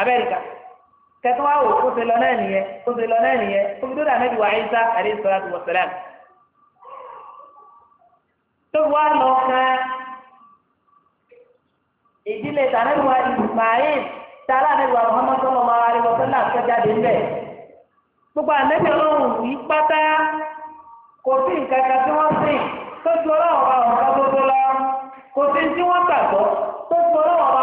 Speaker 1: Amẹ́ríkà kẹtọ́ wa wò kó se lọ náà nìyẹn kó se lọ náà nìyẹn kó fi tó dà nẹ́bí wa Isa alayhi salatu wa salam tó wá lọ kan ìdílé tànẹ́bí wa Ismail tààrà nẹ́bí wa Muhammad sallallahu alaihi wa sallam kọjáde ńbẹ̀ gbogbo ànẹ́bí ọlọ́run yìí pátá kò sí nǹkan tí wọ́n sìn tó ju ọlọ́run ọba ọ̀kan gbogbo lọ kò sí tí wọ́n gbàgbọ́ tó ju ọlọ́run ọba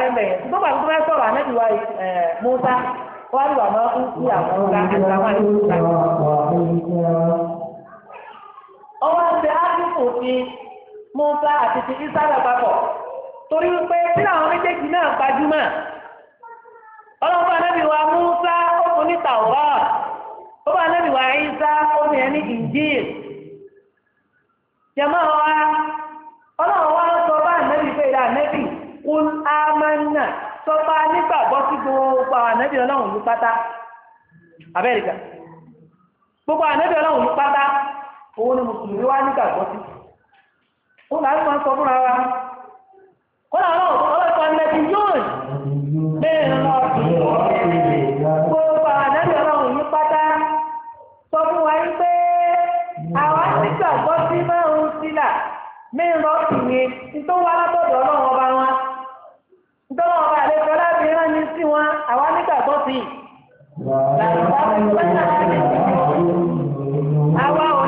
Speaker 1: rẹ̀ mẹ́yẹn tó bá tó bá sọ̀rọ̀ ànábì wa mọ́tà wọ́n á lù àmọ́ ń kú àwọn ọ̀gá àtàwọn àdúgbò ọwọ́ ṣe ákíkù ti mọ́tà àti ti ìsáàlà papọ̀ torí pé tí àwọn méjèèjì náà gbajúmọ̀ ọlọ́pàá ànábì wa mọ́tà ó fún ní tàwọ́ ó bá ànábì wa ìsá ó ní ẹni ìjíìl jẹ́mọ́ wa. tọ́ba nígbàgbọ́ sí gbogbo àwọn ànábì ọlọ́run ní pátá abẹ́rìkà gbogbo ànábì ọlọ́run ní pátá òun ni mùsùlùmí wá nígbàgbọ́ sí ó láti máa ń fúnra wa kọ́nà ọlọ́run ọlọ́pàá nẹ́bí yóò bẹ́ẹ̀ lọ gbogbo ọlọ́run pátá sọ fún wa yí pé àwọn dọ́wọ́ ọba àlejò láti rán sí wọn àwa nígbàgbọ́ sí i. àwa ò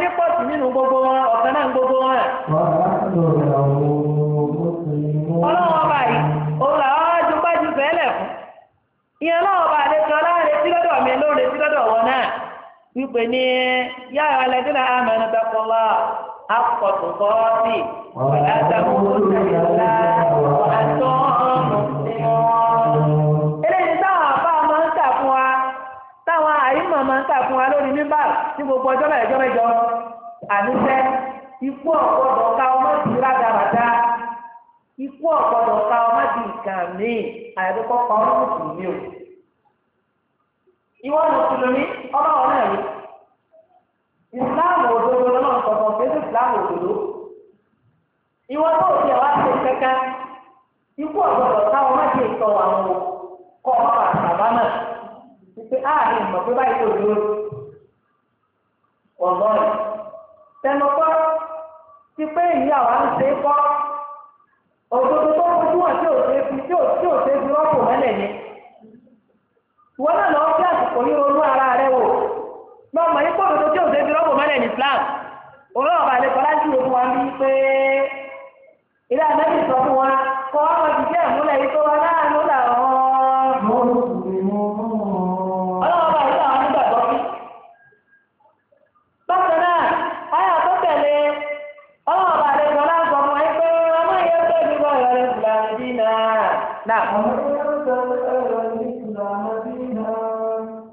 Speaker 1: ní pọ̀tù nínú gbogbo wọn ọ̀kan náà gbogbo wọn. ọlọ́wọ́ ọba yìí òun làwọn náà kọ́ sí gbogbo ọjọ́ mẹ́jọ mẹ́jọ àníṣẹ́ ikú ọ̀gbọ́dọ̀ ká ọmọ ti rádaràda ikú ọ̀gbọ́dọ̀ ká ọmọ di nǹkan míì àyẹ̀dẹ́kọ́ pa ọmọ mùsùlùmí o ìwọ mùsùlùmí ọlọ́run náà ni ìsìláàmù òdodo lọ́nà tọ̀tọ̀ fún ìsìláàmù òdodo ìwọ tó ti ẹ̀wá ṣe kẹ́kẹ́ ikú ọ̀gbọ́dọ̀ ká ọmọ di ìtọ̀ àwọn kọ́ ọmọ bàbá náà ọ̀nà rẹ̀ tẹnukọ́ ti pé ìyàwó à ń ṣe kọ́ òdodo tó fojú hàn tí ò fi tí ò tí fi rọ́pò mẹ́lẹ̀ ni ìwọ náà lọ sí àsìkò yìí ronú ara rẹ wò lọ mọ̀ ní kóòdodo tí ò ṣe fi rọ́pò mẹ́lẹ̀ ní Islam òun náà balẹ̀ kọ́lá sí òkú wa ń bí pé ilé àmẹ́bí sọ fún wa kọ́ ọ́ mọ̀ jìjẹ́ àmúlẹ̀ yìí tó wá náà. أهلت
Speaker 3: الآن مثل نبينا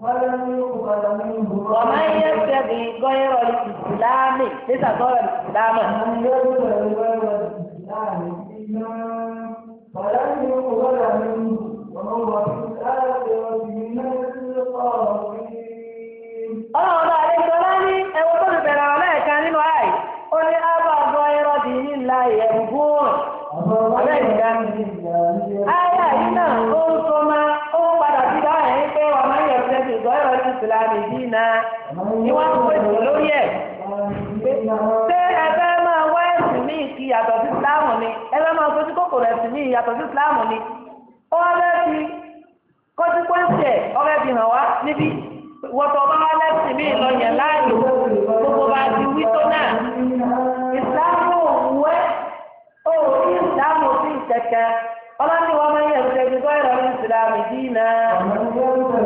Speaker 3: ولم
Speaker 1: يقبل منه ومن يبتغي غير الإسلام ليس غير الإسلام من يبتغي غير الإسلام فلن
Speaker 3: يقبل منه وهو في
Speaker 1: ìsìlámù dínà ni wọ́n ń pèsè lórí ẹ̀. ṣé ẹ fẹ́ máa wá ẹ̀sìn ní ìkí yàtọ̀ sí ìsìlámù ni ẹ fẹ́ máa fojú kòkòrò ẹ̀sìn ní ìyàtọ̀ sí ìsìlámù ni ó wá fẹ́ fi kọ́síkọ́sì ẹ̀ ọ̀rẹ́ fi hàn wá níbí wọ́tọ̀ bá wá lẹ́sìn mí lọ yẹn láàyò gbogbo bá ti wí tó náà ìsìlámù òwúwẹ́ òwúrí ìsìlámù sí ìkẹ̀kẹ́ ọlọ́ni wọn máa ń yẹ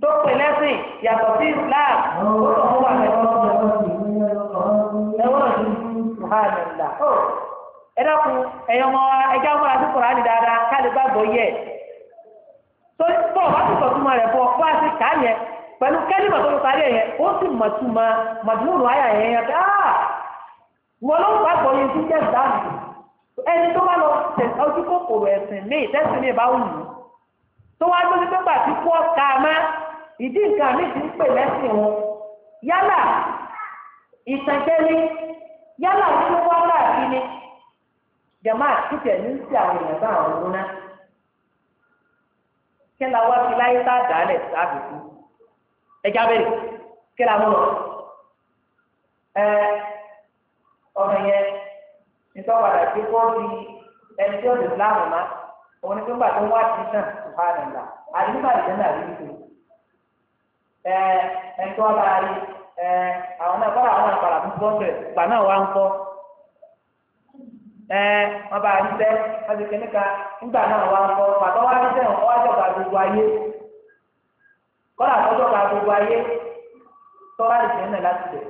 Speaker 1: tó pè lẹ́sìn yàtọ̀ sí Islam ó lọ́ wà lẹ́wọ́n lẹ́wọ́n ṣùgbọ́n ẹ dákun ọmọ ẹja múra sí dáadáa gbàgbọ́ yẹ tó rẹ̀ fún àti yẹn pẹ̀lú tó parí ó sì ayà yẹn yẹn áà ah, ló ń yẹn sí ẹni tó bá lọ ojú kòkòrò ẹ̀sìn tó wá ìdí nǹkan mi ti ń pè lẹ́sìn wọn yálà ìtànjẹ́lé yálà nínú wọn káàkiri jama àtúntẹ̀ ní sí àwọn èèyàn bá ọmọ náà a sáàbì kí ẹ yẹn nítorí padà ẹni tí ó lè má òun ni pé ńgbà tó ń wá náà tó bá rìn là àdìgbà ìjẹ́ náà rí ẹ̀ńtọ́ bá rí àwọn náà kọ́ra àwọn àpàlà fún bọ́ọ̀sẹ̀ gbà náà wá ń kọ́ wọ́n bá rí sẹ́ wọ́n ti kíní ka ńgbà náà wá ń kọ́ pàtó wá rí sẹ́ wọ́n wá jọba gbogbo ayé kọ́ra àtọ́jọ́ ba gbogbo ayé tọ́lá ìṣẹ́ náà láti tẹ̀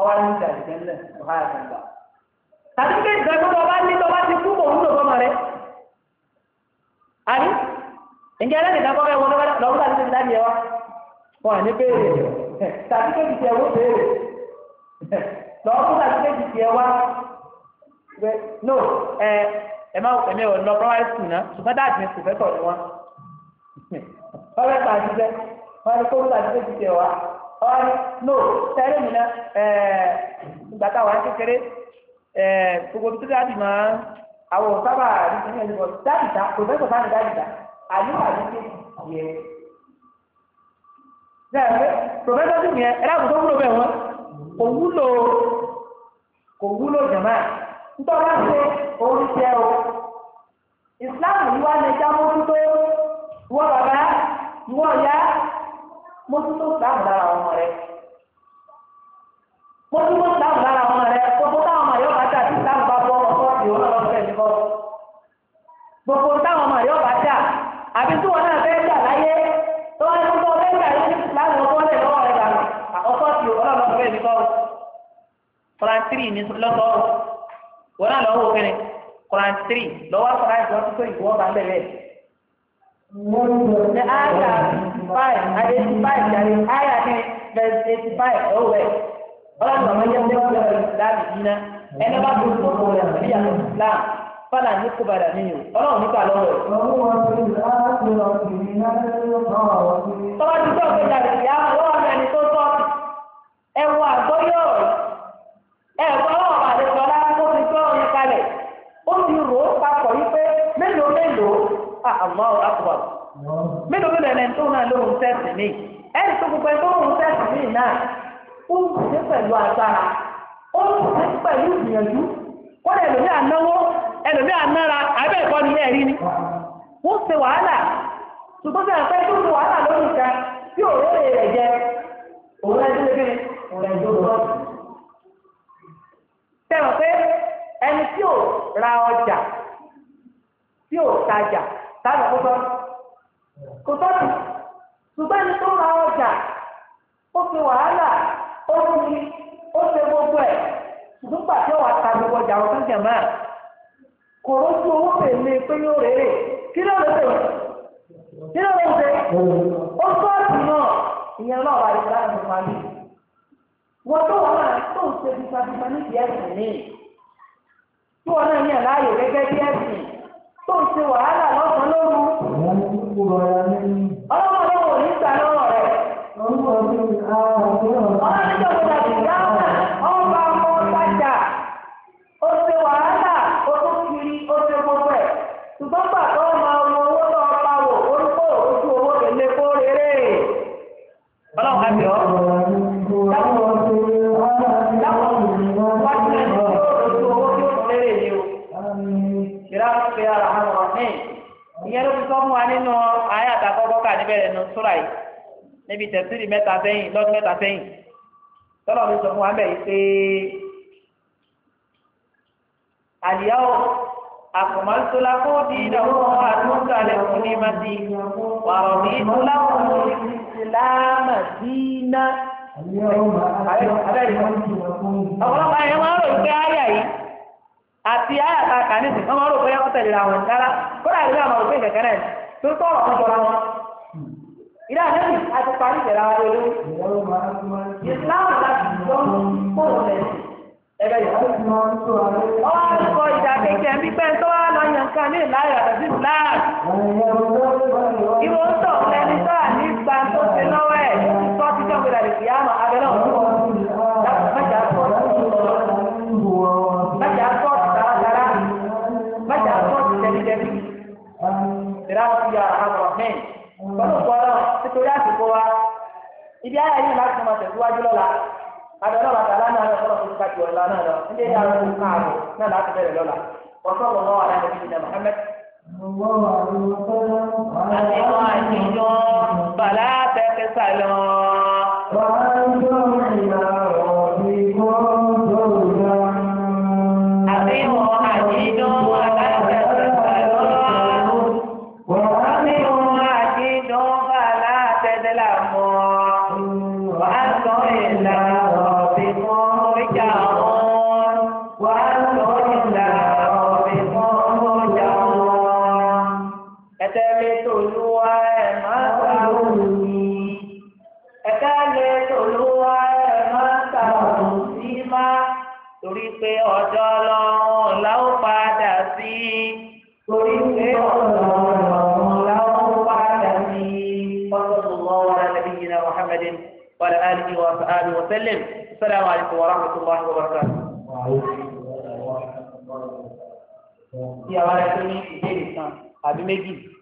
Speaker 1: ọwọ́ ní ìjà ìṣẹ́ náà ọ̀há àgbà. tàbí kí ìgbàgbọ́ tó bá ní tó bá ti kú mọ̀ lò fọ́mọ rẹ̀ àbí ǹjẹ́ ẹlẹ́nìkan kọ́ wọn à ní tàbí kéjì tiẹ̀ wọ́n béèrè lọ́wọ́ tàbí kéjì tiẹ̀ wá pé no ẹ ẹ má ẹ̀mí ò lọ primary school náà ṣùgbọ́n dáàbì ní pòfẹ́tọ̀ ni wọ́n wọ́n fẹ́ kó tàbí no mi náà ìgbà táwọn kékeré gbogbo tó máa àwọn sábà ní ta Ṣẹ́ẹ̀fẹ́, Prọfẹ́sọ́ sì yẹn, ẹ̀rọ àbùtọ́ wúlò bẹ̀ wọ́n, kò wúlò kò wúlò jàmá. Nítorí wá ṣe òun ṣe o. Ìsìláàmù yìí wá ní ẹja mójútó, ìwọ bàbá, ìwọ ọ̀yá, mójútó ìsìláàmù lára ọmọ rẹ̀. Mójútó ìsìláàmù lára ọmọ rẹ̀, gbogbo táwọn ọmọ yóò bá dà sí ìsìláàmù bá bọ́ ọ̀sọ́ ìwọ náà lọ́sẹ̀ nìkọ́. Gbogbo táwọn ọmọ yóò bá àbí tí wọn lọ́sọ bẹ́ẹ̀ bí kọ́ọ̀ Quran three ní lọ́sọ ọ̀rọ̀ wọn náà lọ́wọ́ kẹ́ni Quran three lọ́wọ́ Quran ìjọ tó tóyìn wọ́n bá ń ní àyà five àyè five jàre àyà ní eighty five ọ̀wọ́ ẹ̀ ọlọ́run àwọn ẹ̀yẹ́ fẹ́ kúrò láti yíná ẹni bá tó tó kúrò rẹ̀ ní Islam fọlá ní kó padà nínú ọlọ́run nípa lọ́wọ́ ẹ̀. tọ́wọ́ ti tó ọ̀gbẹ́jà rẹ̀ yá wọ́n ẹni tó tọ́ ẹwọ àgbọ́yọ̀ ẹ̀kọ́ ọ̀rọ̀ àlejò tó fi gbọ́ ọ̀rọ̀ kalẹ̀ ó ti rò ó papọ̀ wípé mélòó mélòó àmọ́ àpò mélòó mélòó ẹni tó náà lóhun tẹ̀sí mi ẹni tó gbogbo ẹni tó lóhun mi náà ó ń pẹ̀lú agbára ó ń pẹ̀lú ìgbìyànjú ẹlòmí ànáwó ẹlòmí ànára ẹ̀kọ́ ni ẹ̀rí ni wàhálà ṣùgbọ́n sí àpẹ́ tó wàhálà lónìí kan rẹ̀ jẹ ọ̀rọ̀ ìjọba ọ̀sùn. Sẹ́wọ̀n pé ẹni tí ò ra ọjà tí ò tajà tábà kó tọ́ kó tọ́jú. Ṣùgbọ́n ẹni tó ra ọjà ó fi wàhálà ó fi ó ṣe gbogbo ẹ̀ ṣùgbọ́n pàṣẹ wà ta gbogbo ọjà ọ̀sán jẹ̀mọ́ kò lójú owó pèlè pé yóò rèé kí ló lè dé kí ló lè dé ó sọ́ọ̀tì náà ìyẹn náà wà lè láti fún wọ́n tó wọn náà tó ń ṣe fífafífa níbi ẹ̀sìn ní tí wọn náà yàn láàyò gẹ́gẹ́ bí ẹ̀sìn tó ń ṣe wàhálà lọ́sàn-án lóru. ọlọ́wọ́ lọ́wọ́ ò ní gbà lọ́wọ́ rẹ̀. ọlọ́run tó
Speaker 3: ń ta ìdáhùn ọba ọmọ ọ̀tajà
Speaker 1: ó ṣe wàhálà ó tó kiri ó ṣe gbogbo ẹ̀ ṣùgbọ́n kà níbẹ̀rẹ̀ nu súrà yìí níbi tẹ̀síìrì mẹ́ta sẹ́yìn lọ́dún mẹ́ta sẹ́yìn tọ́lọ̀ mi sọ fún wa bẹ́ẹ̀ pé àlìyáwó àkùmọ́sọ́lá kó di ìdánwò àdúgbàlẹ̀ fún ní màtí wàrọ̀ mi ìtúlá fún ìsìlámà dínà.
Speaker 3: ọ̀pọ̀lọpọ̀ àyẹ̀ máa ń rò pé áyà yìí
Speaker 1: àti áyà ta kà nísìnyí wọ́n máa ń rò pé ọ̀tẹ̀lẹ̀ àwọn ìdára kó dàbí àwọn òfin kẹ̀kẹ́ náà tó tọ̀rọ̀ ọ̀tọ̀ ra wọn ìdá àdébì àti parí ìjẹ̀rà olú Islam láti jọ fóònù rẹ̀ ẹgbẹ́ yìí. ọwọ́ àdúgbò ìjà kékeré ń bípẹ́ tó wá lọ yan kan ní ìlà ìrọ̀lẹ́ sí ìsìláàmù. ìwọ ń tọ̀ lẹ́ni tó wà ní gbàǹtó sí lọ́wọ́ ẹ̀ tó ti jọ́ gbéra lè fi àmọ́ abẹ́rẹ́ òun. torí àsìkò wa ibi ayé yìí láti máa tẹ̀síwájú lọ́la àdàlọ́ bàtà lánàá lọ sọ́nà fún káàkiri ọ̀la náà lọ nílé ìdáná fún káàrọ̀ náà láti bẹ̀rẹ̀ lọ́la ọ̀sán lọ́wọ́ aláàbò bíi nà Muhammad. àti wọn àti jọ bàlá tẹ́tẹ́ sálọ́ọ̀. وسلم السلام عليكم ورحمة الله وبركاته Tí a wá rẹ̀ tó ní ìbéèrè kan àbí méjì